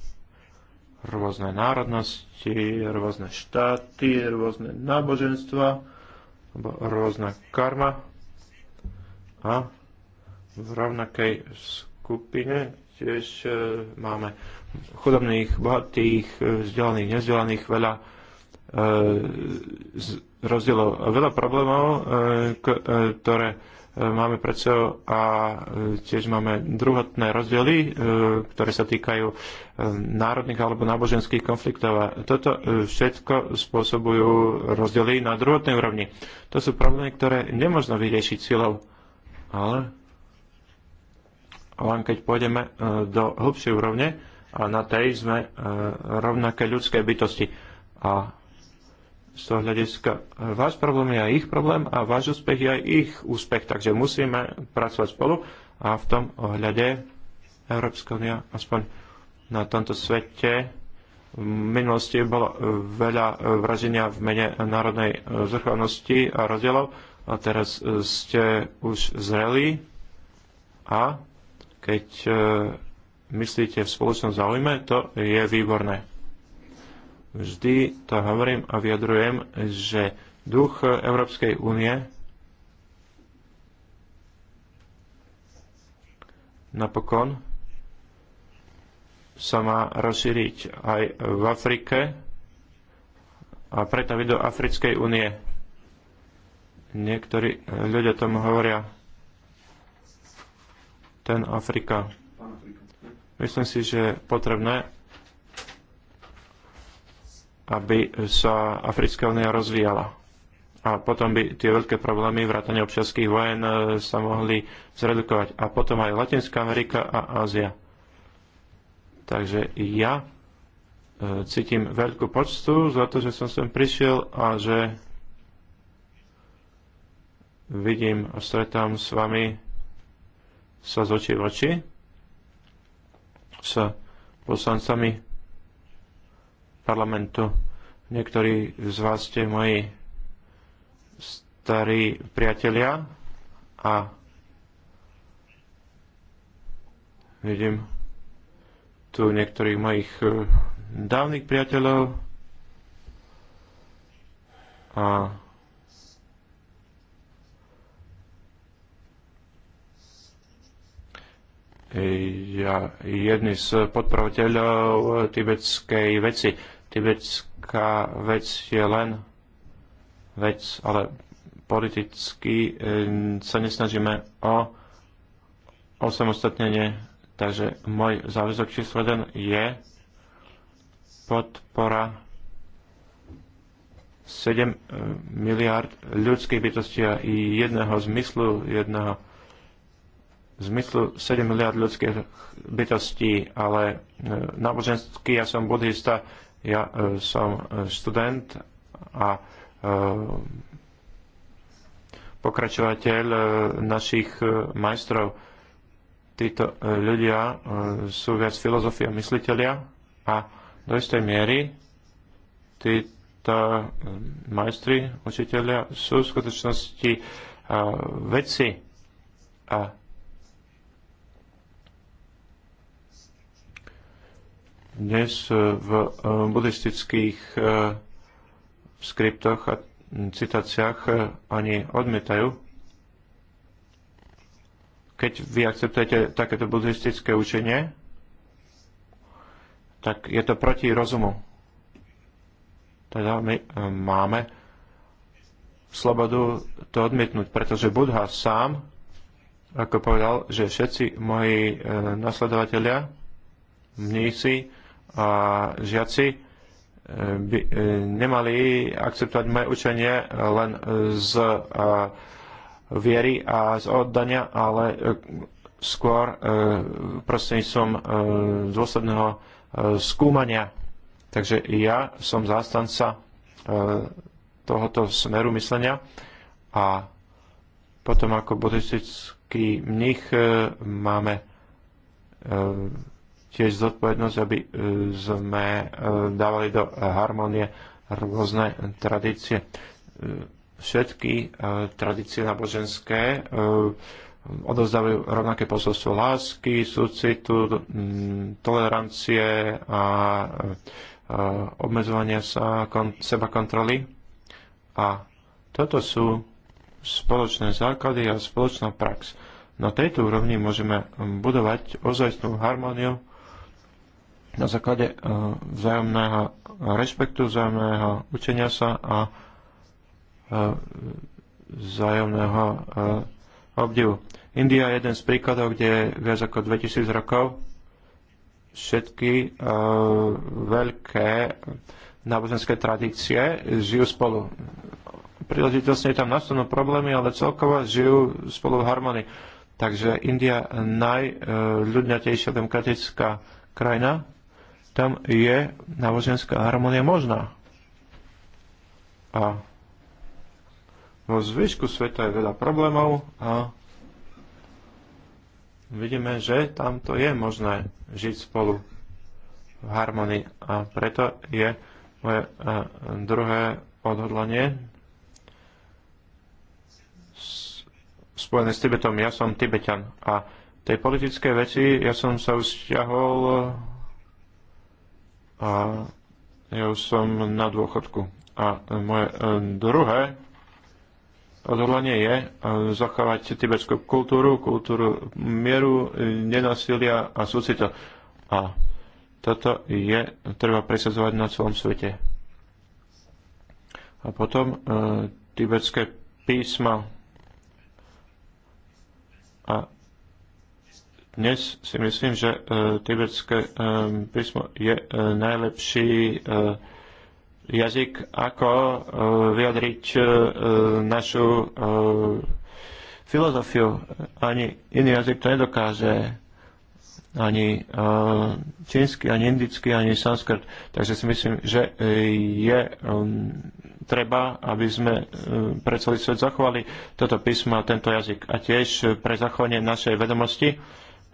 rôzne národnosti, rôzne štáty, rôzne náboženstva, rôzna karma a v rovnakej skupine tiež e, máme chudobných, bohatých, e, vzdelaných, nezdelaných, veľa e, rozdielov a veľa problémov, ktoré máme pred sebou a e, tiež máme druhotné rozdiely, e, ktoré sa týkajú e, národných alebo náboženských konfliktov. A toto všetko spôsobujú rozdiely na druhotnej úrovni. To sú problémy, ktoré nemôžno vyriešiť silou, ale len keď pôjdeme do hlubšej úrovne a na tej sme rovnaké ľudské bytosti. A z toho hľadiska váš problém je aj ich problém a váš úspech je aj ich úspech. Takže musíme pracovať spolu a v tom ohľade Európska unia aspoň na tomto svete v minulosti bolo veľa vraženia v mene národnej zrchovnosti a rozdielov a teraz ste už zreli a keď e, myslíte v spoločnom záujme, to je výborné. Vždy to hovorím a vyjadrujem, že duch Európskej únie napokon sa má rozšíriť aj v Afrike a pretaviť do Africkej únie. Niektorí ľudia tomu hovoria ten Afrika. Myslím si, že je potrebné, aby sa Africká únia rozvíjala. A potom by tie veľké problémy vrátane občianských vojen e, sa mohli zredukovať. A potom aj Latinská Amerika a Ázia. Takže ja e, cítim veľkú počtu za to, že som sem prišiel a že vidím a stretám s vami sa z očí v oči s poslancami parlamentu. Niektorí z vás ste moji starí priatelia a vidím tu niektorých mojich e, dávnych priateľov a ja jedný z podporovateľov tibetskej veci tibetská vec je len vec, ale politicky e, sa nesnažíme o osamostatnenie. Takže môj záväzok číslo 1 je podpora 7 e, miliard ľudských bytostí a jedného zmyslu, jedného zmyslu 7 miliard ľudských bytostí, ale e, náboženský ja som buddhista, ja e, som e, študent a e, pokračovateľ e, našich e, majstrov. Títo e, ľudia e, sú viac filozofia mysliteľia a do istej miery títo e, majstri, učiteľia sú v skutočnosti e, veci a dnes eh, v eh, buddhistických eh, skriptoch a citáciách ani odmietajú. Keď vy akceptujete takéto buddhistické učenie, tak je to proti rozumu. Teda my máme slobodu to odmietnúť, pretože Budha sám, ako povedal, že všetci moji nasledovateľia, mnísi, a žiaci e, by e, nemali akceptovať moje učenie len z e, viery a z oddania, ale skôr prostredníctvom dôsledného skúmania. Takže ja som zástanca tohoto smeru myslenia a potom ako buddhistický mních máme tiež zodpovednosť, aby e, sme e, dávali do harmonie rôzne tradície. E, všetky tradície náboženské odovzdávajú rovnaké posolstvo lásky, súcitu, tolerancie a obmedzovania sa, seba kontroly. A toto sú spoločné základy a spoločná prax. Na tejto úrovni môžeme budovať ozajstnú harmóniu na základe e, vzájomného rešpektu, vzájomného učenia sa a e, vzájomného e, obdivu. India je jeden z príkladov, kde viac ako 2000 rokov všetky veľké náboženské tradície žijú spolu. Príležitostne tam nastanú problémy, ale celkovo žijú spolu v harmonii. Takže India najľudňatejšia demokratická krajina tam je náboženská harmonia možná. A vo zvyšku sveta je veľa problémov a vidíme, že tamto je možné žiť spolu v harmonii. A preto je moje druhé odhodlanie spojené s Tibetom. Ja som Tibetan a tej politickej veci ja som sa vzťahol a ja už som na dôchodku. A moje e, druhé odhodlanie je e, zachovať tibetskú kultúru, kultúru mieru, e, nenasilia a súcita. A toto je treba presadzovať na celom svete. A potom e, tibetské písma a dnes si myslím, že e, tibetské e, písmo je e, najlepší jazyk, ako vyjadriť našu filozofiu. Ani iný jazyk to nedokáže ani čínsky, ani indický, ani sanskrt. Takže si myslím, že je um, treba, aby sme pre celý svet zachovali toto písmo a tento jazyk. A tiež pre zachovanie našej vedomosti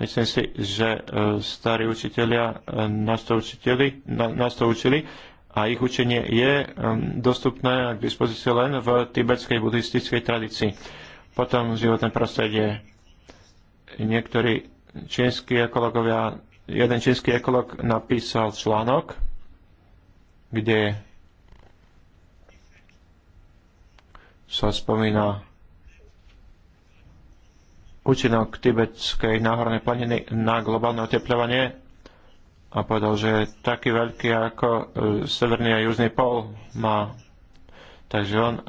Myslím si, že e, starí učitelia e, nás to, učiteli, nás to učili a ich učenie je e, dostupné k dispozícii len v tibetskej buddhistickej tradícii. Potom životné prostredie. Niektorí čínsky ekologovia, jeden čínsky ekolog napísal článok, kde sa spomína účinok tibetskej náhornej planiny na globálne oteplovanie a povedal, že taký veľký ako e, severný a južný pol má. Takže on e,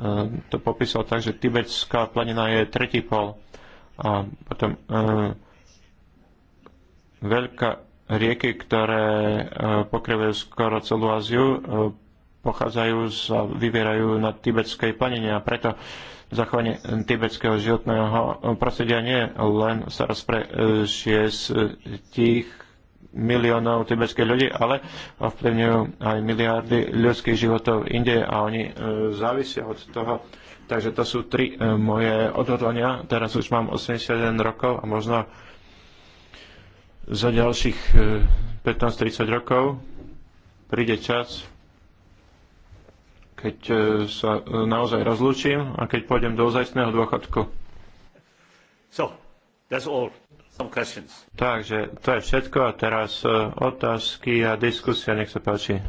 to popísal tak, že tibetská planina je tretí pol a potom e, veľká rieky, ktoré pokrývajú skoro celú Áziu, pochádzajú a vyvierajú na tibetskej planine a preto zachovanie eh, tibetského životného eh, prostredia nie len rozpre eh, šiesť tých miliónov tibetských ľudí, ale ovplyvňujú aj miliardy ľudských životov inde a oni závisia od toho. Takže to sú tri moje odhodlania. Teraz už mám 81 rokov a možno za ďalších 15-30 rokov príde čas, keď e, sa e, naozaj rozlúčim a keď pôjdem do ozajstného dôchodku. So, that's all. Some questions. Takže to je všetko a teraz e, otázky a diskusia, nech sa páči.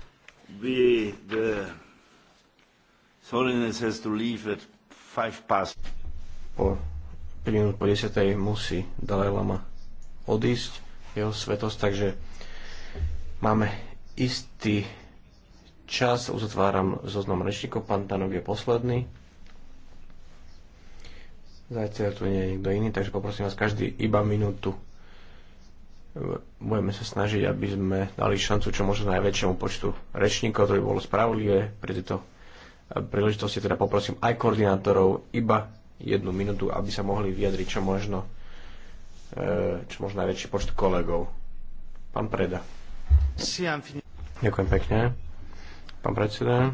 We, the Solinus has to leave at five past. Po, minút po desiatej musí Dalaj Lama odísť, jeho svetosť, takže máme istý čas. Uzatváram zoznam rečníkov. Pán Tanok je posledný. Zajtra tu nie je nikto iný, takže poprosím vás každý iba minútu. Budeme sa snažiť, aby sme dali šancu čo možno najväčšiemu počtu rečníkov, to by bolo spravodlivé pri tejto príležitosti. Teda poprosím aj koordinátorov iba jednu minútu, aby sa mohli vyjadriť čo možno, e, čo možno najväčší počet kolegov. Pán Preda. Ďakujem pekne. Pán predseda.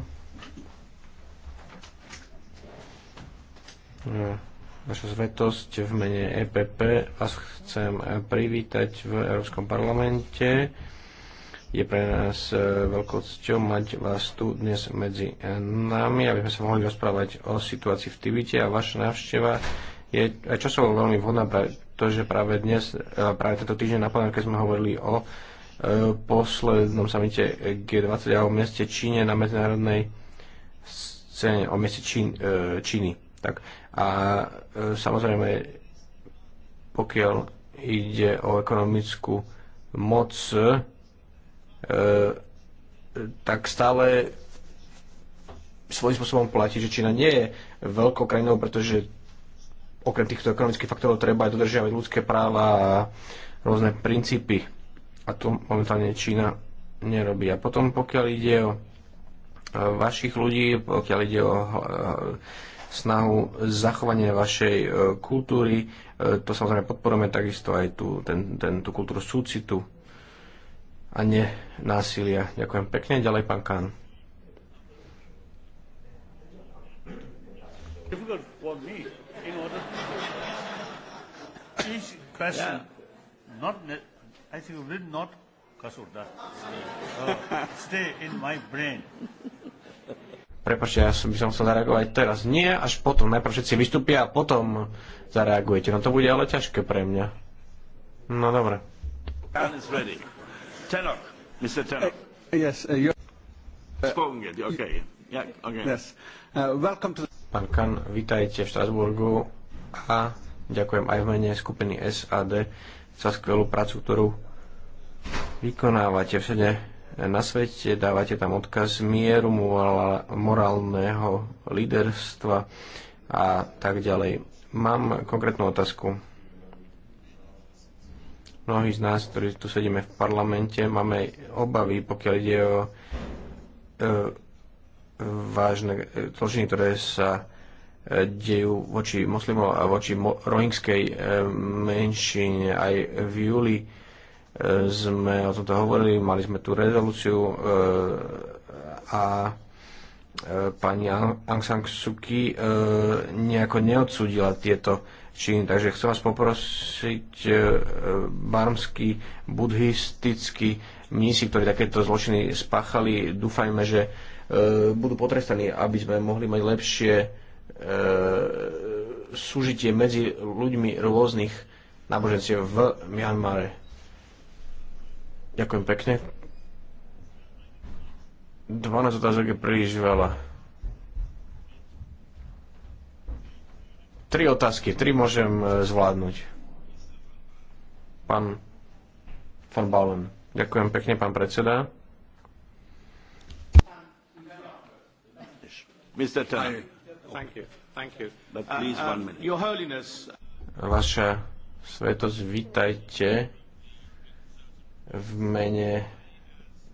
Vaša svetosť v mene EPP vás chcem eh, privítať v Európskom parlamente. Je pre nás eh, veľkou cťou mať vás tu dnes medzi eh, nami, aby sme sa mohli rozprávať o situácii v Tibite a vaša návšteva je aj časovo veľmi vhodná, pretože práve dnes, práve tento týždeň na keď sme hovorili o poslednom samite G20 a o meste Číne na medzinárodnej scéne, o meste Čín, e, Číny. Tak. A e, samozrejme, pokiaľ ide o ekonomickú moc, e, tak stále svojím spôsobom platí, že Čína nie je veľkou krajinou, pretože okrem týchto ekonomických faktorov treba aj dodržiavať ľudské práva a rôzne princípy a to momentálne Čína nerobí. A potom pokiaľ ide o e, vašich ľudí, pokiaľ ide o e, snahu zachovania vašej e, kultúry, to samozrejme podporujeme takisto aj tú, ten, ten, tú kultúru súcitu a ne násilia. Ďakujem pekne. Ďalej pán Kán. yeah. not i think did not Kasurda uh, stay in my brain. Prepačte, ja som, by som chcel zareagovať teraz. Nie, až potom. Najprv všetci vystúpia a potom zareagujete. No to bude ale ťažké pre mňa. No dobre. Pán is ready. Tenok, Mr. Tenok. Uh, yes, uh, you're... Uh, Spoken it, okay. Yeah, okay. Yes. Uh, welcome to... Pán Kan, vítajte v Štrasburgu a Ďakujem aj v mene skupiny SAD za skvelú prácu, ktorú vykonávate všade na svete, dávate tam odkaz mieru, morálneho líderstva a tak ďalej. Mám konkrétnu otázku. Mnohí z nás, ktorí tu sedíme v parlamente, máme obavy, pokiaľ ide o e, vážne e, zločiny, ktoré sa dejú voči moslimov a voči rohingskej eh, menšine. Aj v júli eh, sme o tomto hovorili, mali sme tú rezolúciu eh, a pani Aung San Suu Kyi nejako neodsúdila tieto činy. Takže chcem vás poprosiť, barmský buddhistický mnísi, ktorí takéto zločiny spáchali, dúfajme, že budú potrestaní, aby sme mohli mať lepšie E, súžitie medzi ľuďmi rôznych náboženstiev v Mianmare. Ďakujem pekne. 12 otázok je príliš veľa. Tri otázky, tri môžem e, zvládnuť. Pán von Balen. Ďakujem pekne, pán predseda. Mr. Tan. Uh, uh, Vaša svetosť, vítajte v mene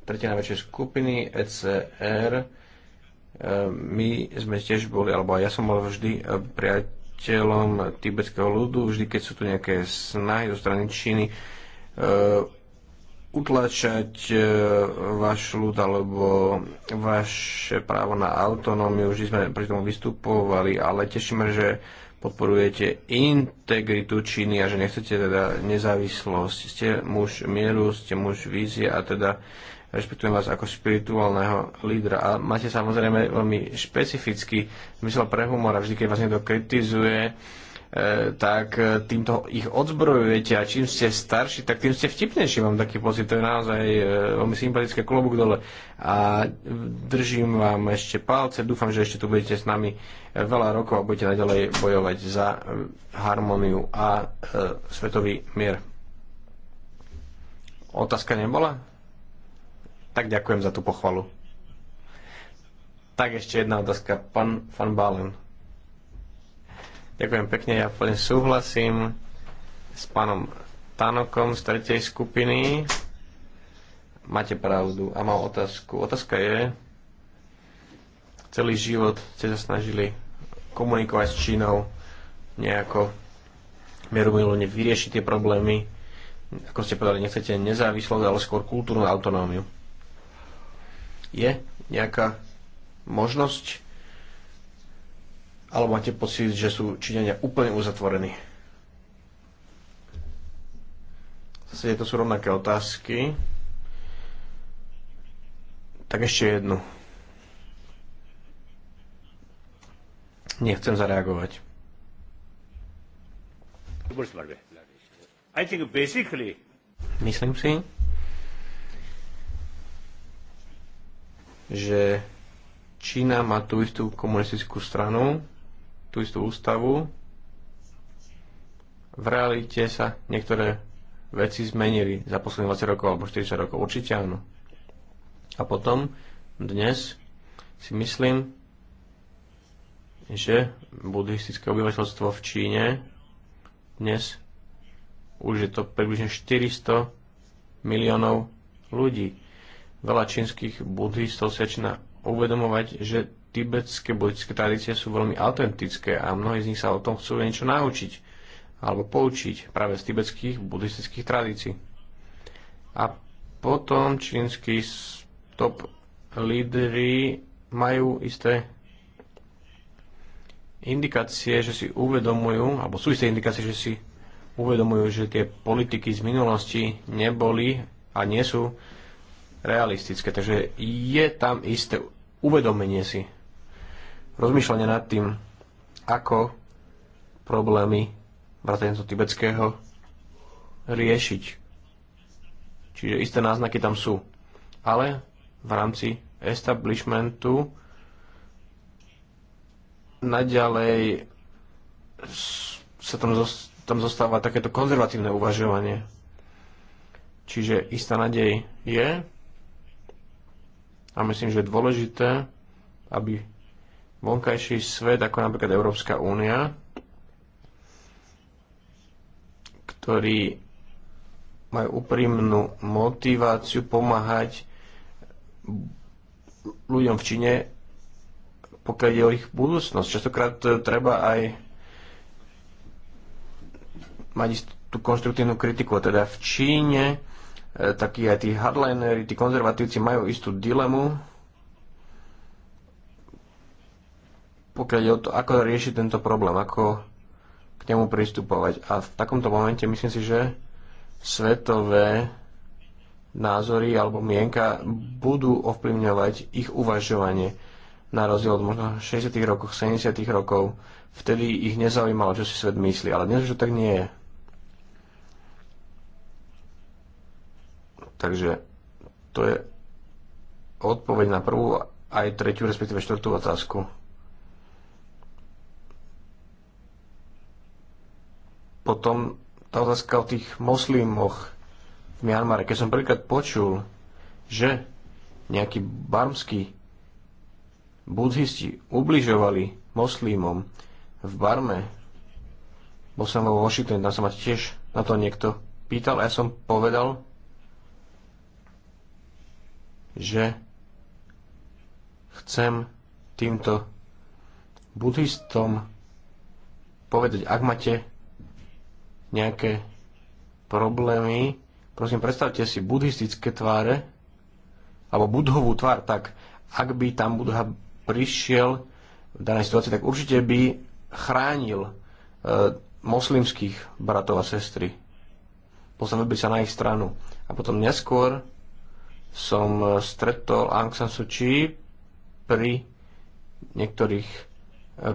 tretej najväčšej skupiny ECR. Uh, my sme tiež boli, alebo ja som bol vždy priateľom tibetského ľudu, vždy keď sú tu nejaké snahy zo strany Číny utlačať e, váš ľud alebo vaše právo na autonómiu. Vždy sme pri tom vystupovali, ale tešíme, že podporujete integritu Číny a že nechcete teda nezávislosť. Ste muž mieru, ste muž vízie a teda rešpektujem vás ako spirituálneho lídra. A máte samozrejme veľmi špecifický zmysel pre humor a vždy, keď vás niekto kritizuje, E, tak e, týmto ich odzbrojujete a čím ste starší, tak tým ste vtipnejší, mám taký pocit, to je naozaj e, veľmi sympatické klobúk dole. A držím vám ešte palce, dúfam, že ešte tu budete s nami veľa rokov a budete naďalej bojovať za harmóniu a e, svetový mier. Otázka nebola? Tak ďakujem za tú pochvalu. Tak ešte jedna otázka. Pán Van Balen. Ďakujem pekne, ja plne súhlasím s pánom Tanokom z tretej skupiny. Máte pravdu a mám otázku. Otázka je, celý život ste sa snažili komunikovať s Čínou nejako mierumilovne vyriešiť tie problémy. Ako ste povedali, nechcete nezávislosť, ale skôr kultúrnu autonómiu. Je nejaká možnosť alebo máte pocit, že sú Číňania úplne uzatvorení? Zase to sú rovnaké otázky. Tak ešte jednu. Nechcem zareagovať. Myslím si, že Čína má tú istú komunistickú stranu, tú istú ústavu, v realite sa niektoré veci zmenili za posledných 20 rokov alebo 40 rokov. Určite áno. A potom dnes si myslím, že buddhistické obyvateľstvo v Číne dnes už je to približne 400 miliónov ľudí. Veľa čínskych buddhistov sa začína uvedomovať, že tibetské buddhistické tradície sú veľmi autentické a mnohí z nich sa o tom chcú niečo naučiť alebo poučiť práve z tibetských buddhistických tradícií. A potom čínsky top lídry majú isté indikácie, že si uvedomujú, alebo sú isté indikácie, že si uvedomujú, že tie politiky z minulosti neboli a nie sú realistické. Takže je tam isté uvedomenie si rozmýšľanie nad tým, ako problémy bratenstva tibetského riešiť. Čiže isté náznaky tam sú. Ale v rámci establishmentu naďalej sa tam, zos, tam zostáva takéto konzervatívne uvažovanie. Čiže istá nadej je a myslím, že je dôležité, aby vonkajší svet, ako napríklad Európska únia, ktorí majú úprimnú motiváciu pomáhať ľuďom v Číne, pokiaľ je o ich budúcnosť. Častokrát treba aj mať tú konštruktívnu kritiku. Teda v Číne eh, takí aj tí hardlinery, tí konzervatívci majú istú dilemu, pokiaľ je o to, ako riešiť tento problém, ako k nemu pristupovať. A v takomto momente myslím si, že svetové názory alebo mienka budú ovplyvňovať ich uvažovanie na rozdiel od možno 60. rokov, 70. rokov. Vtedy ich nezaujímalo, čo si svet myslí, ale dnes už to tak nie je. Takže to je odpoveď na prvú aj tretiu, respektíve štvrtú otázku. Potom tá otázka o tých moslimoch v Mianmare. Keď som prvýkrát počul, že nejakí barmskí budhisti ubližovali moslimom v Barme, bol som vo Washington, tam sa ma tiež na to niekto pýtal a ja som povedal, že chcem týmto budhistom povedať, ak máte nejaké problémy. Prosím, predstavte si buddhistické tváre, alebo budhovú tvár, tak ak by tam Budha prišiel v danej situácii, tak určite by chránil e, moslimských bratov a sestry. Postavil by sa na ich stranu. A potom neskôr som e, stretol Aung San Suu Kyi pri niektorých e,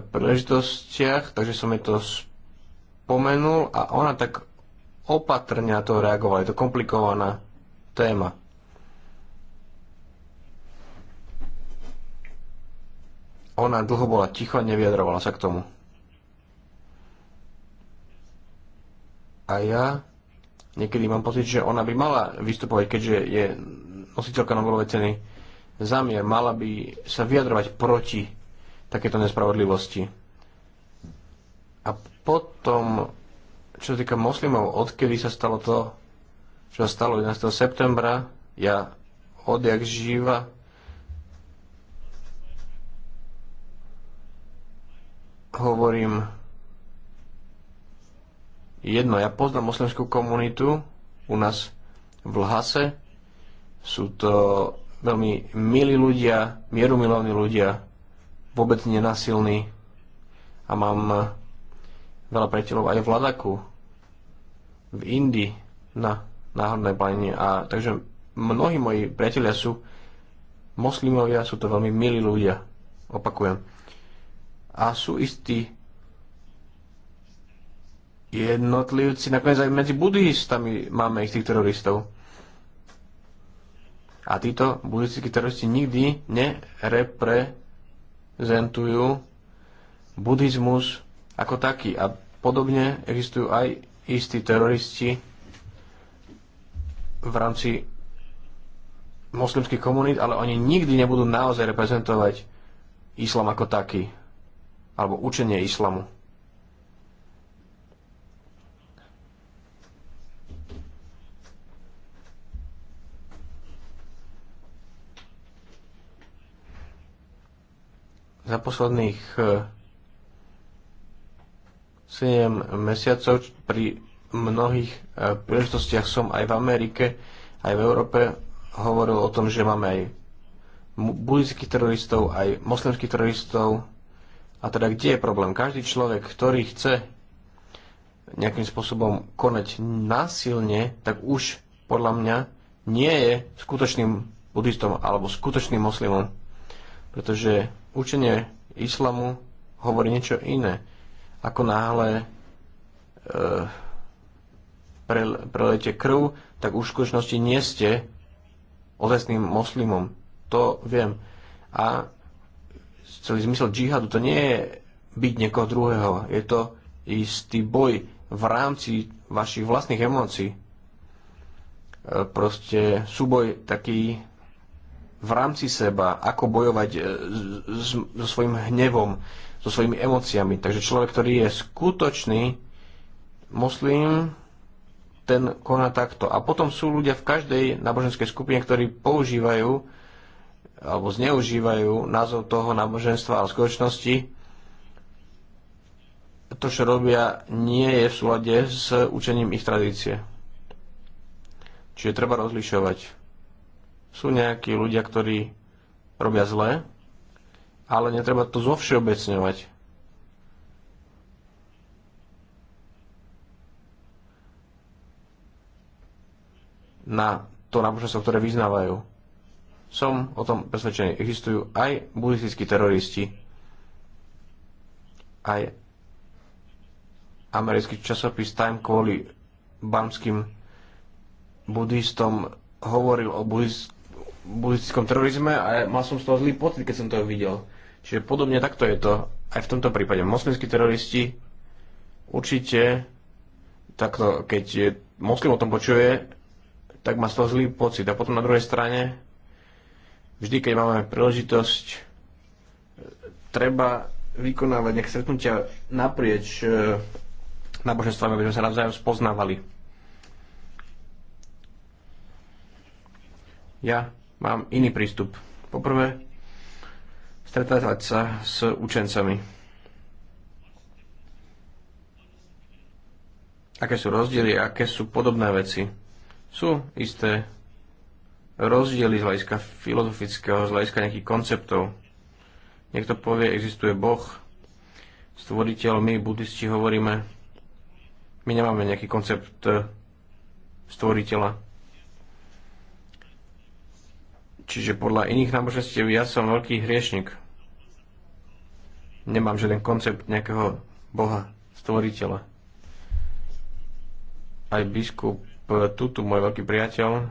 príležitostiach, takže som je to spomenul a ona tak opatrne na to reagovala. Je to komplikovaná téma. Ona dlho bola ticho a nevyjadrovala sa k tomu. A ja niekedy mám pocit, že ona by mala vystupovať, keďže je nositeľka Nobelovej ceny za mier, mala by sa vyjadrovať proti takéto nespravodlivosti a potom, čo sa týka moslimov, odkedy sa stalo to, čo sa stalo 11. septembra, ja odjak živa hovorím jedno, ja poznám moslimskú komunitu u nás v Lhase, sú to veľmi milí ľudia, mierumilovní ľudia, vôbec nenasilní a mám veľa priateľov aj v Ladaku, v Indii, na náhodné planine. A takže mnohí moji priatelia sú moslimovia, sú to veľmi milí ľudia, opakujem. A sú istí jednotlivci, nakoniec aj medzi buddhistami máme tých teroristov. A títo buddhistickí teroristi nikdy nereprezentujú buddhizmus ako taký. A podobne existujú aj istí teroristi v rámci moslimských komunít, ale oni nikdy nebudú naozaj reprezentovať islam ako taký, alebo učenie islamu. Za posledných eh, 7 mesiacov. Pri mnohých e, príležitostiach som aj v Amerike, aj v Európe hovoril o tom, že máme aj buddhistických teroristov, aj moslimských teroristov. A teda kde je problém? Každý človek, ktorý chce nejakým spôsobom konať násilne, tak už podľa mňa nie je skutočným buddhistom alebo skutočným moslimom. Pretože učenie islamu hovorí niečo iné. Ako náhle e, pre, prelete krv, tak už v skutočnosti nie ste ozajstným moslimom. To viem. A celý zmysel džihadu to nie je byť niekoho druhého. Je to istý boj v rámci vašich vlastných emócií. E, proste súboj taký v rámci seba, ako bojovať e, so svojím hnevom, so svojimi emóciami. Takže človek, ktorý je skutočný muslim, ten koná takto. A potom sú ľudia v každej náboženskej skupine, ktorí používajú alebo zneužívajú názov toho náboženstva, a skutočnosti to, čo robia, nie je v súlade s učením ich tradície. Čiže treba rozlišovať. Sú nejakí ľudia, ktorí robia zlé, ale netreba to zovšeobecňovať. na to náboženstvo, ktoré vyznávajú. Som o tom presvedčený. Existujú aj buddhistickí teroristi, aj americký časopis Time kvôli bamským buddhistom hovoril o buddhistickom terorizme a mal som z toho zlý pocit, keď som to videl. Čiže podobne takto je to aj v tomto prípade. Moslimskí teroristi určite takto, keď je, moslim o tom počuje, tak má z toho zlý pocit. A potom na druhej strane, vždy keď máme príležitosť, treba vykonávať nejaké stretnutia naprieč e, náboženstvami, aby sme sa navzájom spoznávali. Ja mám iný prístup. Poprvé, stretávať sa s učencami. Aké sú rozdiely, aké sú podobné veci? Sú isté rozdiely z hľadiska filozofického, z hľadiska nejakých konceptov. Niekto povie, existuje Boh, stvoriteľ, my buddhisti hovoríme, my nemáme nejaký koncept eh, stvoriteľa. Čiže podľa iných náboženstiev ja som veľký hriešnik nemám žiaden koncept nejakého boha, stvoriteľa. Aj biskup eh, Tutu, môj veľký priateľ,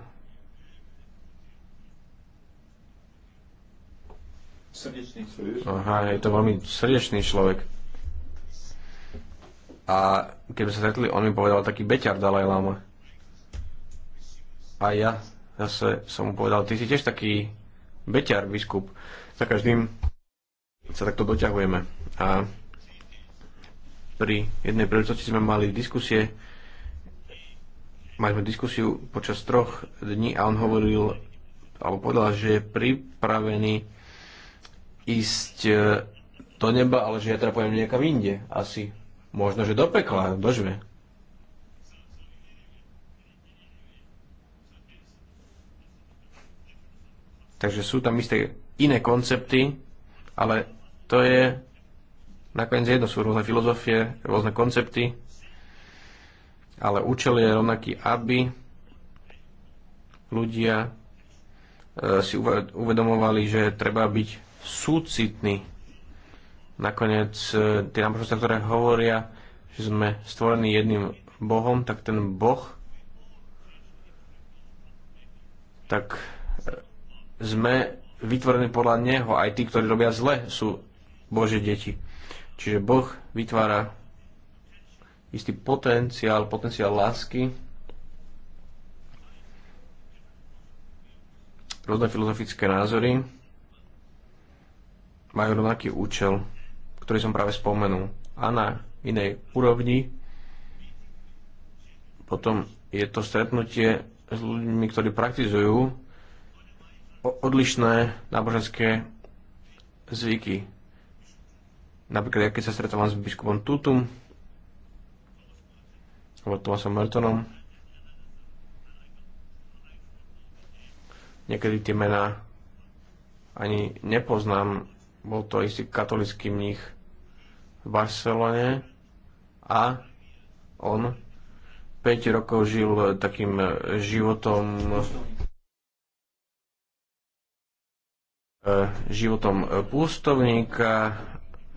Srdečný. Aha, je to veľmi srdečný človek. A keď sme sa stretli, on mi povedal taký beťar Dalaj Lama. A ja zase som mu povedal, ty si tiež taký beťar biskup. Za každým sa takto doťahujeme. A pri jednej príležitosti sme mali diskusie, mali sme diskusiu počas troch dní a on hovoril, alebo povedal, že je pripravený ísť e, do neba, ale že ja teda poviem niekam inde, asi. Možno, že do pekla, dožve. Takže sú tam isté iné koncepty, ale to je nakoniec jedno, sú rôzne filozofie, rôzne koncepty, ale účel je rovnaký, aby ľudia e, si uvedomovali, že treba byť súcitný. Nakoniec e, tie námožnosti, ktoré hovoria, že sme stvorení jedným Bohom, tak ten Boh tak e, sme vytvorené podľa neho. Aj tí, ktorí robia zle, sú Bože deti. Čiže Boh vytvára istý potenciál, potenciál lásky. Rôzne filozofické názory majú rovnaký účel, ktorý som práve spomenul. A na inej úrovni potom je to stretnutie s ľuďmi, ktorí praktizujú odlišné náboženské zvyky. Napríklad, keď sa stretávam s biskupom Tutum, alebo Tomasom Mertonom, niekedy tie mená ani nepoznám. Bol to istý katolický mních v Barcelone a on 5 rokov žil takým životom E, životom e, pústovníka,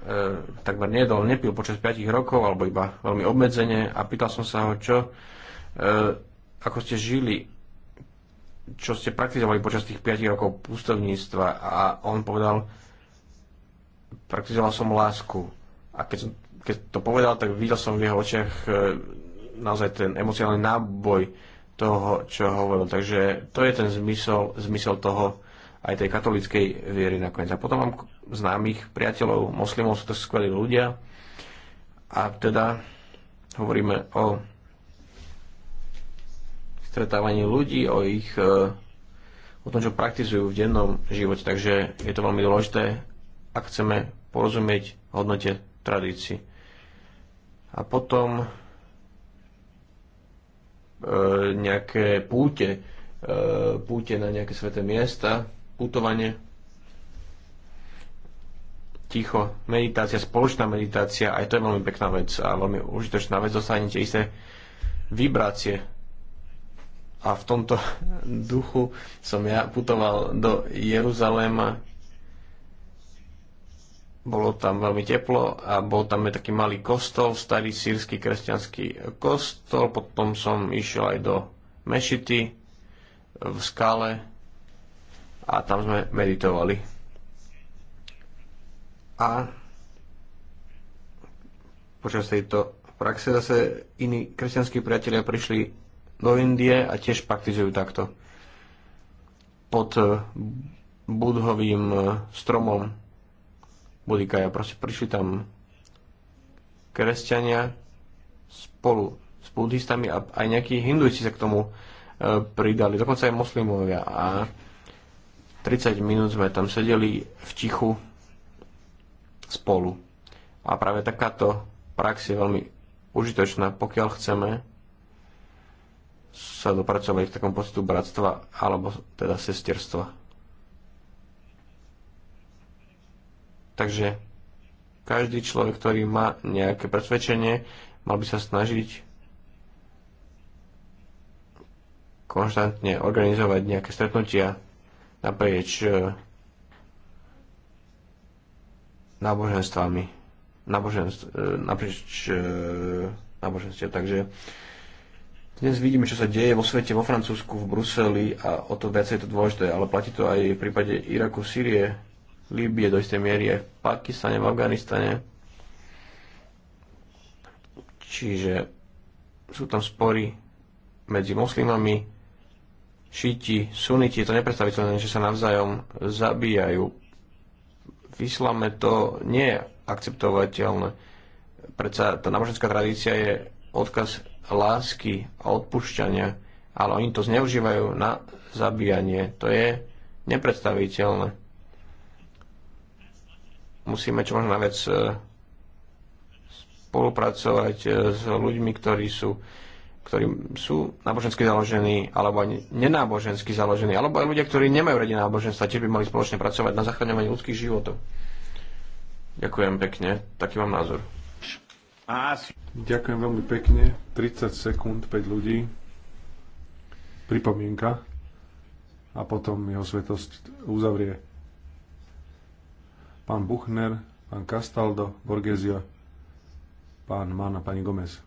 e, takmer nedol, nepil počas 5 rokov, alebo iba veľmi obmedzene a pýtal som sa ho, čo, ako ste žili, čo ste praktizovali počas tých 5 rokov pústovníctva a on povedal, praktizoval som lásku. A keď, som, keď to povedal, tak videl som v jeho očiach naozaj ten emocionálny náboj toho, čo hovoril. Takže to je ten zmysel, zmysel toho, aj tej katolíckej viery nakoniec. A potom mám známych priateľov moslimov, sú to skvelí ľudia. A teda hovoríme o stretávaní ľudí, o ich e, o tom, čo praktizujú v dennom živote. Takže je to veľmi dôležité, ak chceme porozumieť hodnote tradícií. A potom e, nejaké púte, e, púte na nejaké sveté miesta, putovanie, ticho, meditácia, spoločná meditácia, aj to je veľmi pekná vec a veľmi užitočná vec, dostanete isté vibrácie. A v tomto duchu som ja putoval do Jeruzaléma, bolo tam veľmi teplo a bol tam aj taký malý kostol, starý sírsky kresťanský kostol, potom som išiel aj do Mešity v skale, a tam sme meditovali. A počas tejto praxe zase iní kresťanskí priatelia prišli do Indie a tiež praktizujú takto. Pod eh, budhovým eh, stromom Budikaja. Proste prišli tam kresťania spolu s buddhistami a aj nejakí hinduisti sa k tomu eh, pridali, dokonca aj moslimovia. A 30 minút sme tam sedeli v tichu spolu. A práve takáto prax je veľmi užitočná, pokiaľ chceme sa dopracovať k takom pocitu bratstva alebo teda sesterstva. Takže každý človek, ktorý má nejaké presvedčenie, mal by sa snažiť konštantne organizovať nejaké stretnutia naprieč e, náboženstvami, náboženstv, e, naprieč e, náboženstvia. Takže dnes vidíme, čo sa deje vo svete, vo Francúzsku, v Bruseli a o to viacej je to dôležité, ale platí to aj v prípade Iraku, Sýrie, Líbie do istej miery aj v Pakistane, v Afganistane. Čiže sú tam spory medzi moslimami šíti, suniti, je to nepredstaviteľné, že sa navzájom zabíjajú. V islame to nie je akceptovateľné. Predsa tá náboženská tradícia je odkaz lásky a odpúšťania, ale oni to zneužívajú na zabíjanie. To je nepredstaviteľné. Musíme čo možno najviac eh, spolupracovať eh, s ľuďmi, ktorí sú ktorí sú nábožensky založení, alebo aj nenábožensky založení, alebo aj ľudia, ktorí nemajú radi náboženstva, tiež by mali spoločne pracovať na zachraňovaní ľudských životov. Ďakujem pekne, taký mám názor. Ďakujem veľmi pekne. 30 sekúnd, 5 ľudí. Pripomienka. A potom jeho svetosť uzavrie. Pán Buchner, pán Castaldo, Borgesia, pán Mana, pani Gomez.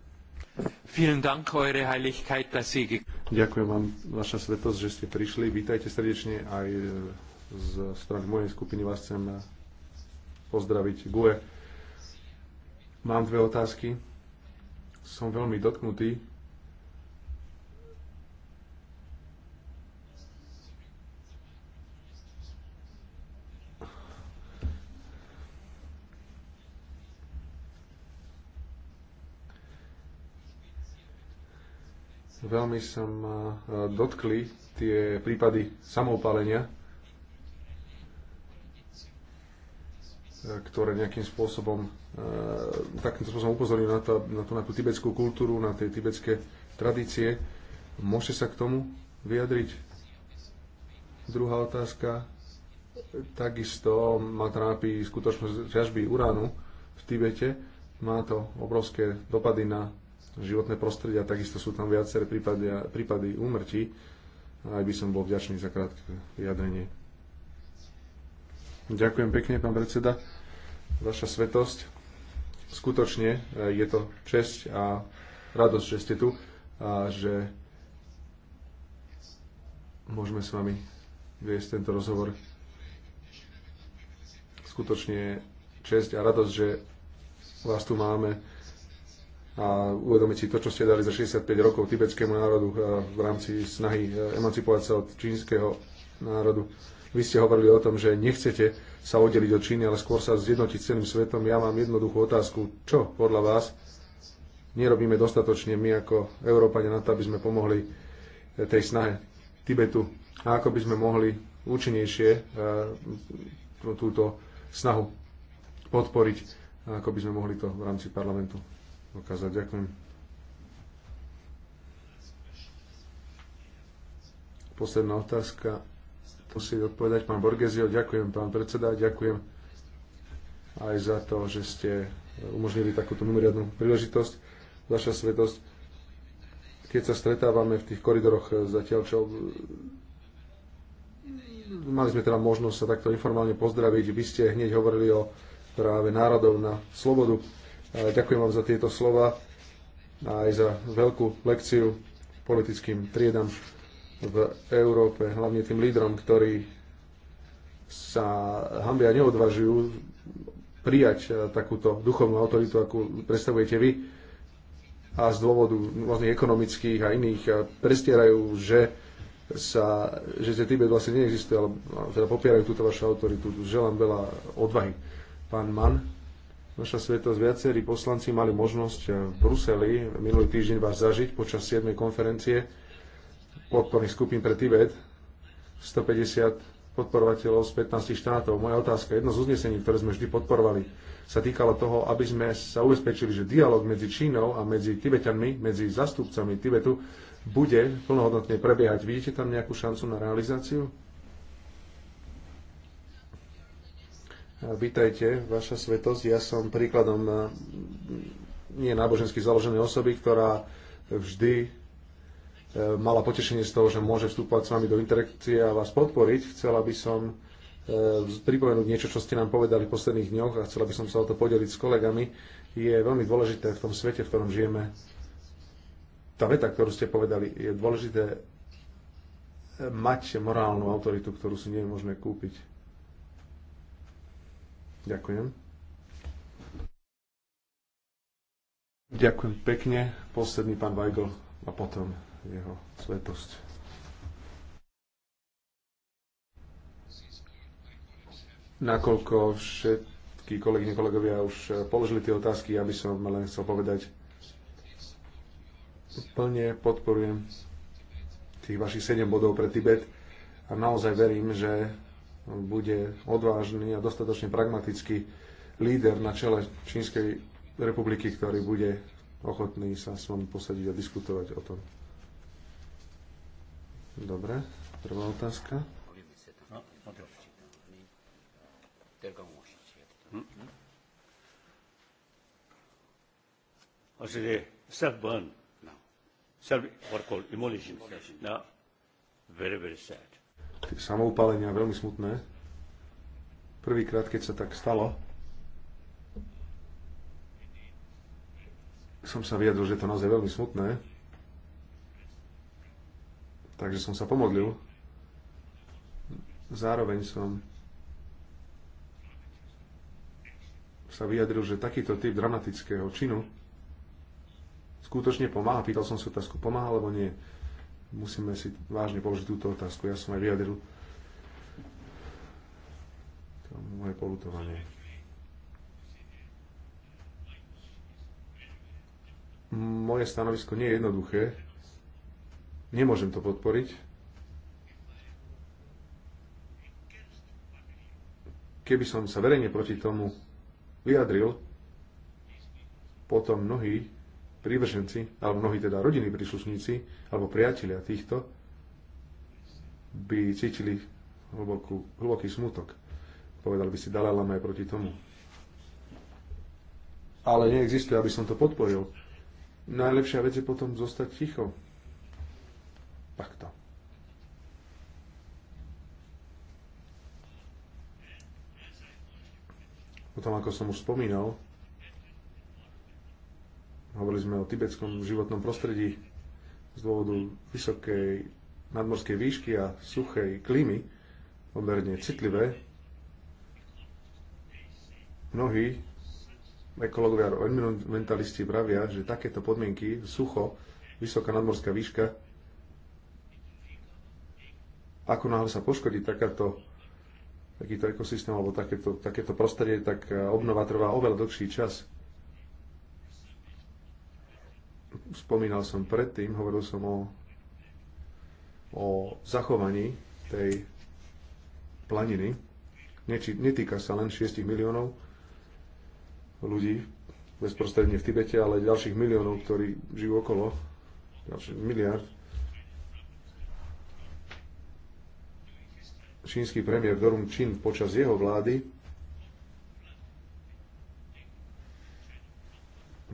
Ďakujem vám, vaša svetosť, že ste prišli. Vítajte srdečne aj e, z strany mojej skupiny vás chcem e, pozdraviť. Gue, mám dve otázky. Som veľmi dotknutý Veľmi sa ma e, dotkli tie prípady samoupálenia, e, ktoré nejakým spôsobom e, takýmto spôsobom upozorňujú na, na, tú, na tú tibetskú kultúru, na tie tibetské tradície. Môžete sa k tomu vyjadriť? Druhá otázka. Takisto ma trápi skutočnosť ťažby uránu v Tibete. Má to obrovské dopady na životné prostredie a takisto sú tam viaceré prípady, prípady úmrtí. Aj by som bol vďačný za krátke vyjadrenie. Ďakujem pekne, pán predseda. Vaša svetosť. Skutočne e, je to česť a radosť, že ste tu a že môžeme s vami viesť tento rozhovor. Skutočne česť a radosť, že vás tu máme a uvedomiť si to, čo ste dali za 65 rokov tibetskému národu v rámci snahy e, emancipovať sa od čínskeho národu. Vy ste hovorili o tom, že nechcete sa oddeliť od Číny, ale skôr sa zjednotiť s celým svetom. Ja mám jednoduchú otázku. Čo podľa vás nerobíme dostatočne my ako Európania na to, aby sme pomohli e, tej snahe Tibetu a ako by sme mohli účinnejšie e, túto snahu podporiť a ako by sme mohli to v rámci parlamentu ukázať. Ďakujem. Posledná otázka. To si odpovedať pán Borgesio. Ďakujem, pán predseda. Ďakujem aj za to, že ste umožnili takúto mimoriadnú príležitosť. Vaša svetosť. Keď sa stretávame v tých koridoroch zatiaľ, čo mali sme teda možnosť sa takto informálne pozdraviť. Vy ste hneď hovorili o práve národov na slobodu Ďakujem vám za tieto slova a aj za veľkú lekciu politickým triedam v Európe, hlavne tým lídrom, ktorí sa hambia neodvažujú prijať eh, takúto duchovnú autoritu, akú predstavujete vy a z dôvodu rôznych ekonomických a iných eh, prestierajú, že sa, že Tibet vlastne neexistuje, ale eh, teda popierajú túto vašu autoritu. Želám veľa odvahy. Pán Mann. Vaša svetosť, viacerí poslanci mali možnosť eh, v Bruseli minulý týždeň vás zažiť počas 7. konferencie podporných skupín pre Tibet. 150 podporovateľov z 15 štátov. Moja otázka, jedno z uznesení, ktoré sme vždy podporovali, sa týkalo toho, aby sme sa ubezpečili, že dialog medzi Čínou a medzi Tibetanmi, medzi zastupcami Tibetu, bude plnohodnotne prebiehať. Vidíte tam nejakú šancu na realizáciu? Vítajte, vaša svetosť. Ja som príkladom e, nie nábožensky založenej osoby, ktorá vždy e, mala potešenie z toho, že môže vstúpať s vami do interakcie a vás podporiť. Chcela by som e, pripomenúť niečo, čo ste nám povedali v posledných dňoch a chcela by som sa o to podeliť s kolegami. Je veľmi dôležité v tom svete, v ktorom žijeme. Tá veta, ktorú ste povedali, je dôležité mať morálnu autoritu, ktorú si nie je možné kúpiť Ďakujem. Ďakujem pekne. Posledný pán Weigl a potom jeho svetosť. Nakoľko všetky kolegyne, kolegovia už položili tie otázky, ja by som len chcel povedať, plne podporujem tých vašich sedem bodov pre Tibet a naozaj verím, že bude odvážny a dostatočne pragmatický líder na čele Čínskej republiky, ktorý bude ochotný sa s vami posadiť a diskutovať o tom. Dobre, prvá otázka. No, okay. hm? also the self-burn now, self-what called immolation now, very, very sad samoupálenia, veľmi smutné. Prvýkrát, keď sa tak stalo, som sa vyjadril, že to naozaj veľmi smutné. Takže som sa pomodlil. Zároveň som sa vyjadril, že takýto typ dramatického činu skutočne pomáha. Pýtal som si otázku, pomáha alebo nie musíme si vážne položiť túto otázku. Ja som aj vyjadril to moje polutovanie. Moje stanovisko nie je jednoduché. Nemôžem to podporiť. Keby som sa verejne proti tomu vyjadril, potom mnohí prívrženci, alebo mnohí teda rodiny príslušníci, alebo priatelia týchto, by cítili hlbokú, hlboký smutok. Povedal by si Dalaj Lama aj proti tomu. Ale neexistuje, aby som to podporil. Najlepšia vec je potom zostať ticho. Takto. Potom, ako som už spomínal, Hovorili sme o tibetskom životnom prostredí z dôvodu vysokej nadmorskej výšky a suchej klímy, pomerne citlivé. Mnohí ekológovia a environmentalisti pravia, že takéto podmienky, sucho, vysoká nadmorská výška, ako náhle sa poškodí takáto, takýto ekosystém alebo takéto, takéto prostredie, tak obnova trvá oveľa dlhší čas. spomínal som predtým, hovoril som o, o zachovaní tej planiny. Neči, netýka sa len 6 miliónov ľudí bezprostredne v Tibete, ale ďalších miliónov, ktorí žijú okolo, ďalší miliard. Čínsky premiér Dorum Čin počas jeho vlády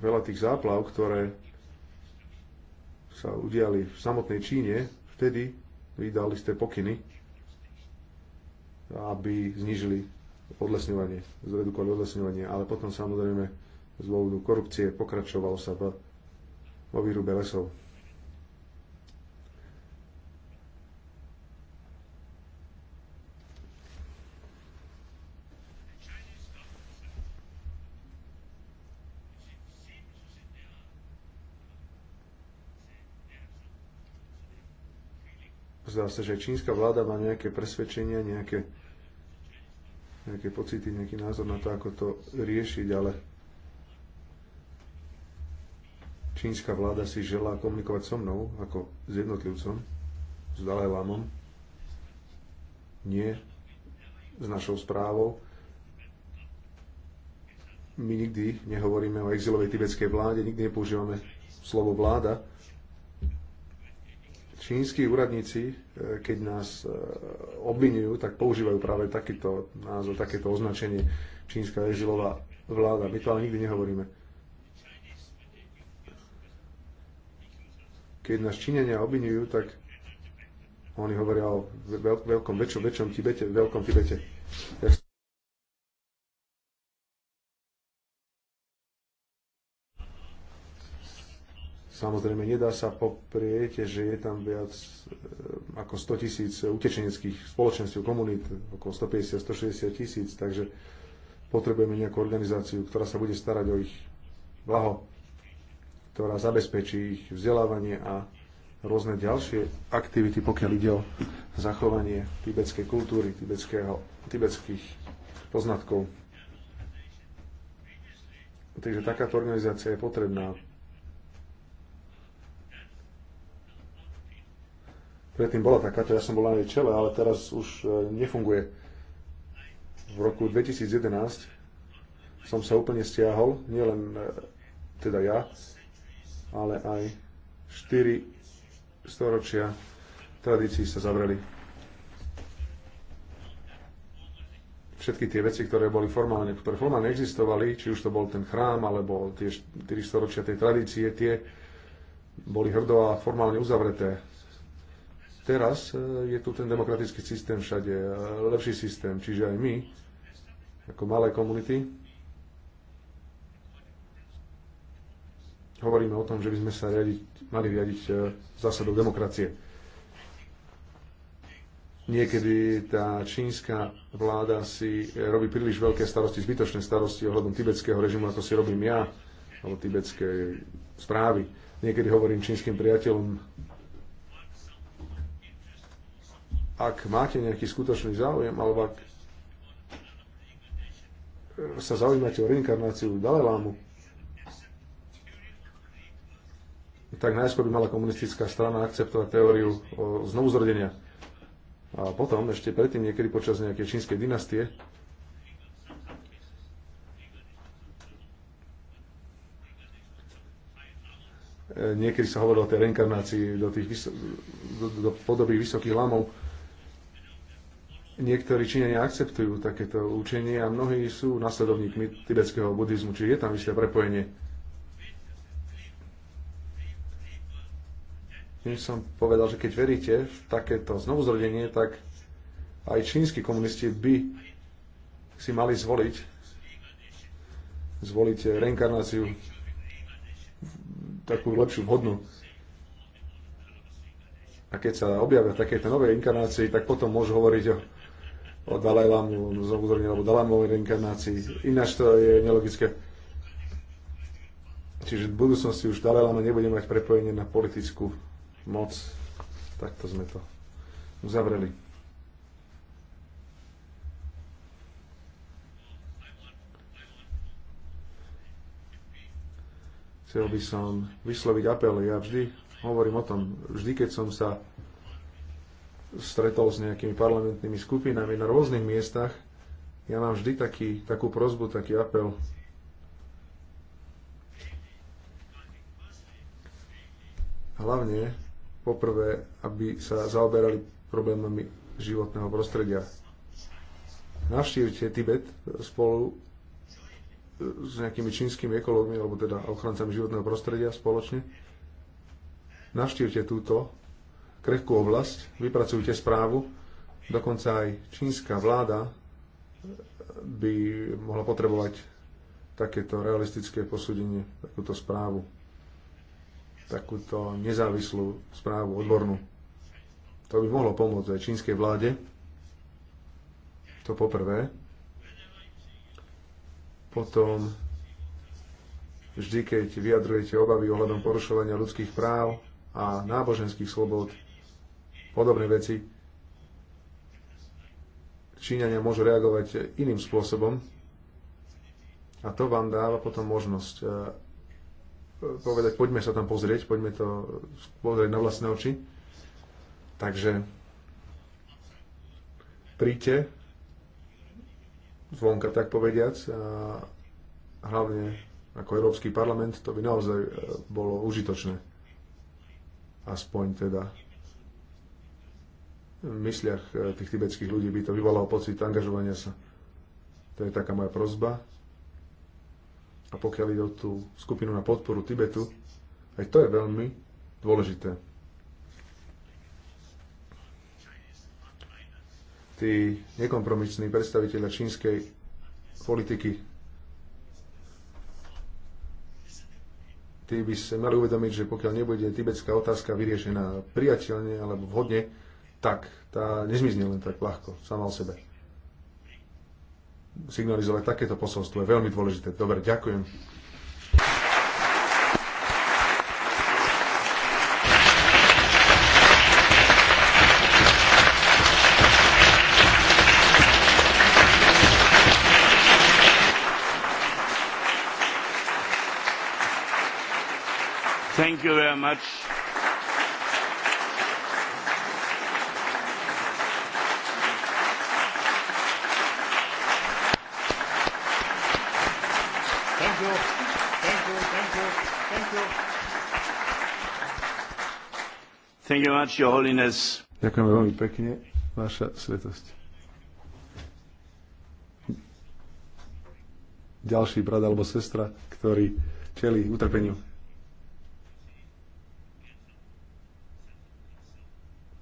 veľa tých záplav, ktoré sa udiali v samotnej Číne, vtedy vydali ste pokyny, aby znižili odlesňovanie, zredukovali odlesňovanie, ale potom samozrejme z dôvodu korupcie pokračovalo sa v, vo výrube lesov. Zdá sa, že čínska vláda má nejaké presvedčenia, nejaké, nejaké pocity, nejaký názor na to, ako to riešiť, ale čínska vláda si želá komunikovať so mnou, ako s jednotlivcom, s Dalajlámom, nie s našou správou. My nikdy nehovoríme o exilovej tibetskej vláde, nikdy nepoužívame slovo vláda, čínsky úradníci, e, keď nás e, obvinujú, tak používajú práve takýto názov, takéto označenie čínska exilová vláda. My to ale nikdy nehovoríme. Keď nás Číňania obvinujú, tak oni hovoria o veľkom, väčšom, väčšom Tibete, veľkom Tibete. Ja Samozrejme, nedá sa poprieť, že je tam viac eh, ako 100 tisíc utečeneckých spoločenstiev, komunít, okolo 150-160 tisíc, takže potrebujeme nejakú organizáciu, ktorá sa bude starať o ich blaho, ktorá zabezpečí ich vzdelávanie a rôzne ďalšie aktivity, pokiaľ ide o zachovanie tibetskej kultúry, tibetských poznatkov. Takže takáto organizácia je potrebná. Predtým bola takáto, ja som bol na jej čele, ale teraz už e, nefunguje. V roku 2011 som sa úplne stiahol, nielen e, teda ja, ale aj 4 storočia tradícií sa zavreli. Všetky tie veci, ktoré boli formálne, ktoré formálne existovali, či už to bol ten chrám, alebo tie 4 storočia tej tradície, tie boli hrdo a formálne uzavreté Teraz e, je tu ten demokratický systém všade, e, lepší systém, čiže aj my, ako malé komunity, hovoríme o tom, že by sme sa riadiť, mali riadiť e, zásadou demokracie. Niekedy tá čínska vláda si robí príliš veľké starosti, zbytočné starosti ohľadom tibetského režimu, ako si robím ja, alebo tibetskej správy. Niekedy hovorím čínskym priateľom, ak máte nejaký skutočný záujem, alebo ak e, sa zaujímate o reinkarnáciu Dalelámu, tak najskôr by mala komunistická strana akceptovať teóriu o znovuzrodenia. A potom, ešte predtým, niekedy počas nejakej čínskej dynastie, e, niekedy sa hovorilo o tej reinkarnácii do, tých, do, do podoby vysokých lámov, niektorí Číňania akceptujú takéto učenie a mnohí sú nasledovníkmi tibetského buddhizmu, čiže je tam isté prepojenie. Tým som povedal, že keď veríte v takéto znovuzrodenie, tak aj čínsky komunisti by si mali zvoliť zvoliť reinkarnáciu takú lepšiu, vhodnú. A keď sa objavia takéto nové inkarnácie, tak potom môžu hovoriť o o z zobuzorní alebo Dalamovej reinkarnácii. Ináč to je nelogické. Čiže v budúcnosti už Dalajlama nebude mať prepojenie na politickú moc. Takto sme to uzavreli. Chcel by som vysloviť apel. Ja vždy hovorím o tom, vždy keď som sa stretol s nejakými parlamentnými skupinami na rôznych miestach, ja mám vždy taký, takú prozbu, taký apel. Hlavne, poprvé, aby sa zaoberali problémami životného prostredia. Navštívte Tibet spolu s nejakými čínskymi ekológmi, alebo teda ochrancami životného prostredia spoločne. Navštívte túto krehkú oblasť, vypracujte správu. Dokonca aj čínska vláda by mohla potrebovať takéto realistické posúdenie, takúto správu, takúto nezávislú správu odbornú. To by mohlo pomôcť aj čínskej vláde. To poprvé. Potom vždy, keď vyjadrujete obavy ohľadom porušovania ľudských práv a náboženských slobod, podobné veci. Číňania môžu reagovať iným spôsobom a to vám dáva potom možnosť e, povedať, poďme sa tam pozrieť, poďme to pozrieť na vlastné oči. Takže príďte zvonka, tak povediac, a hlavne ako Európsky parlament, to by naozaj e, bolo užitočné. Aspoň teda v mysliach e, tých tibetských ľudí by to vyvolalo pocit angažovania sa. To je taká moja prozba. A pokiaľ ide o tú skupinu na podporu Tibetu, aj to je veľmi dôležité. Tí nekompromisní predstaviteľa čínskej politiky, tí by sa mali uvedomiť, že pokiaľ nebude tibetská otázka vyriešená priateľne alebo vhodne, tak. Tá nezmizne len tak ľahko, sama o sebe. Signalizovať takéto posolstvo je veľmi dôležité. Dobre, ďakujem. Thank you much, Your Holiness. Ďakujem veľmi pekne, Vaša svetosť. Ďalší brat alebo sestra, ktorý čeli utrpeniu.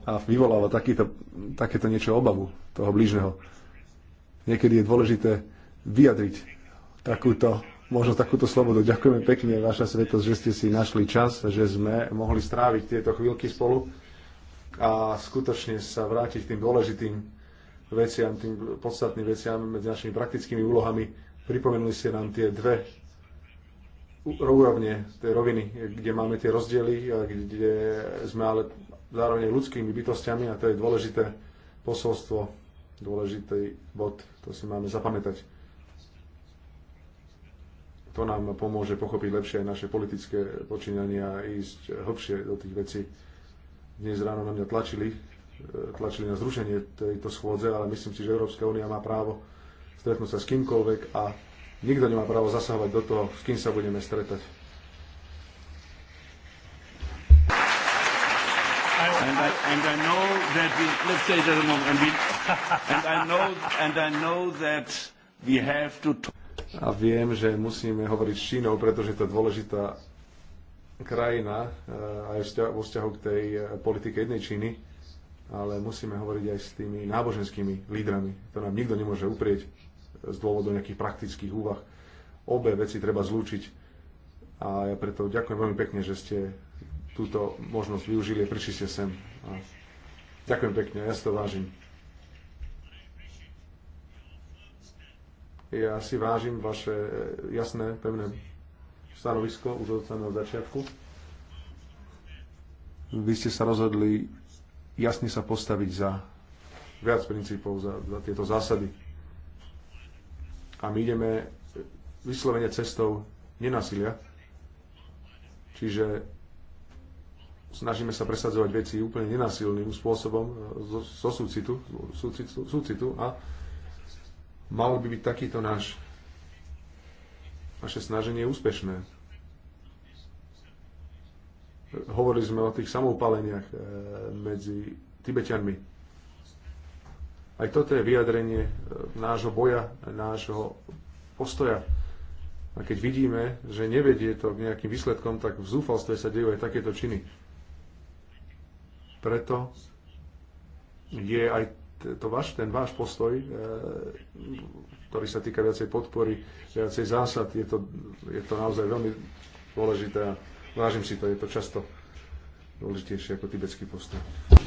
A vyvoláva takýto, takéto niečo obavu toho blížneho. Niekedy je dôležité vyjadriť takúto možno takúto slobodu. Ďakujeme pekne, vaša svetosť, že ste si našli čas, že sme mohli stráviť tieto chvíľky spolu a skutočne sa vrátiť k tým dôležitým veciam, tým podstatným veciam medzi našimi praktickými úlohami. Pripomenuli ste nám tie dve úrovne, tej roviny, kde máme tie rozdiely, kde sme ale zároveň ľudskými bytostiami a to je dôležité posolstvo, dôležitý bod, to si máme zapamätať. To nám pomôže pochopiť lepšie aj naše politické počínania a ísť hlbšie do tých vecí. Dnes ráno na mňa tlačili, e, tlačili na zrušenie tejto schôdze, ale myslím si, že Európska únia má právo stretnúť sa s kýmkoľvek a nikto nemá právo zasahovať do toho, s kým sa budeme stretať. and I, and I know that we, let's say that a moment, and, we, and I know and I know that we have to. Talk a viem, že musíme hovoriť s Čínou, pretože to je dôležitá krajina e, aj vo vzťahu k tej e, politike jednej Číny, ale musíme hovoriť aj s tými náboženskými lídrami. To nám nikto nemôže uprieť e, z dôvodu nejakých praktických úvah. Obe veci treba zlúčiť a ja preto ďakujem veľmi pekne, že ste túto možnosť využili a prišli ste sem. A ďakujem pekne, ja si to vážim. Ja si vážim vaše e, jasné, pevné stanovisko už od samého začiatku. Vy ste sa rozhodli jasne sa postaviť za viac princípov, za, za tieto zásady. A my ideme vyslovene cestou nenasilia. Čiže snažíme sa presadzovať veci úplne nenasilným spôsobom e, zo, zo súcitu, súcitu, súcitu a Mal by byť takýto náš naše snaženie úspešné. Hovorili sme o tých samoupaleniach e, medzi Tibetianmi. Aj toto je vyjadrenie e, nášho boja, nášho postoja. A keď vidíme, že nevedie to k nejakým výsledkom, tak v zúfalstve sa dejú aj takéto činy. Preto je aj to vaš, ten váš postoj, e, ktorý sa týka viacej podpory, viacej zásad, je to, je to naozaj veľmi dôležité a vážim si to, je to často dôležitejšie ako tibetský postoj.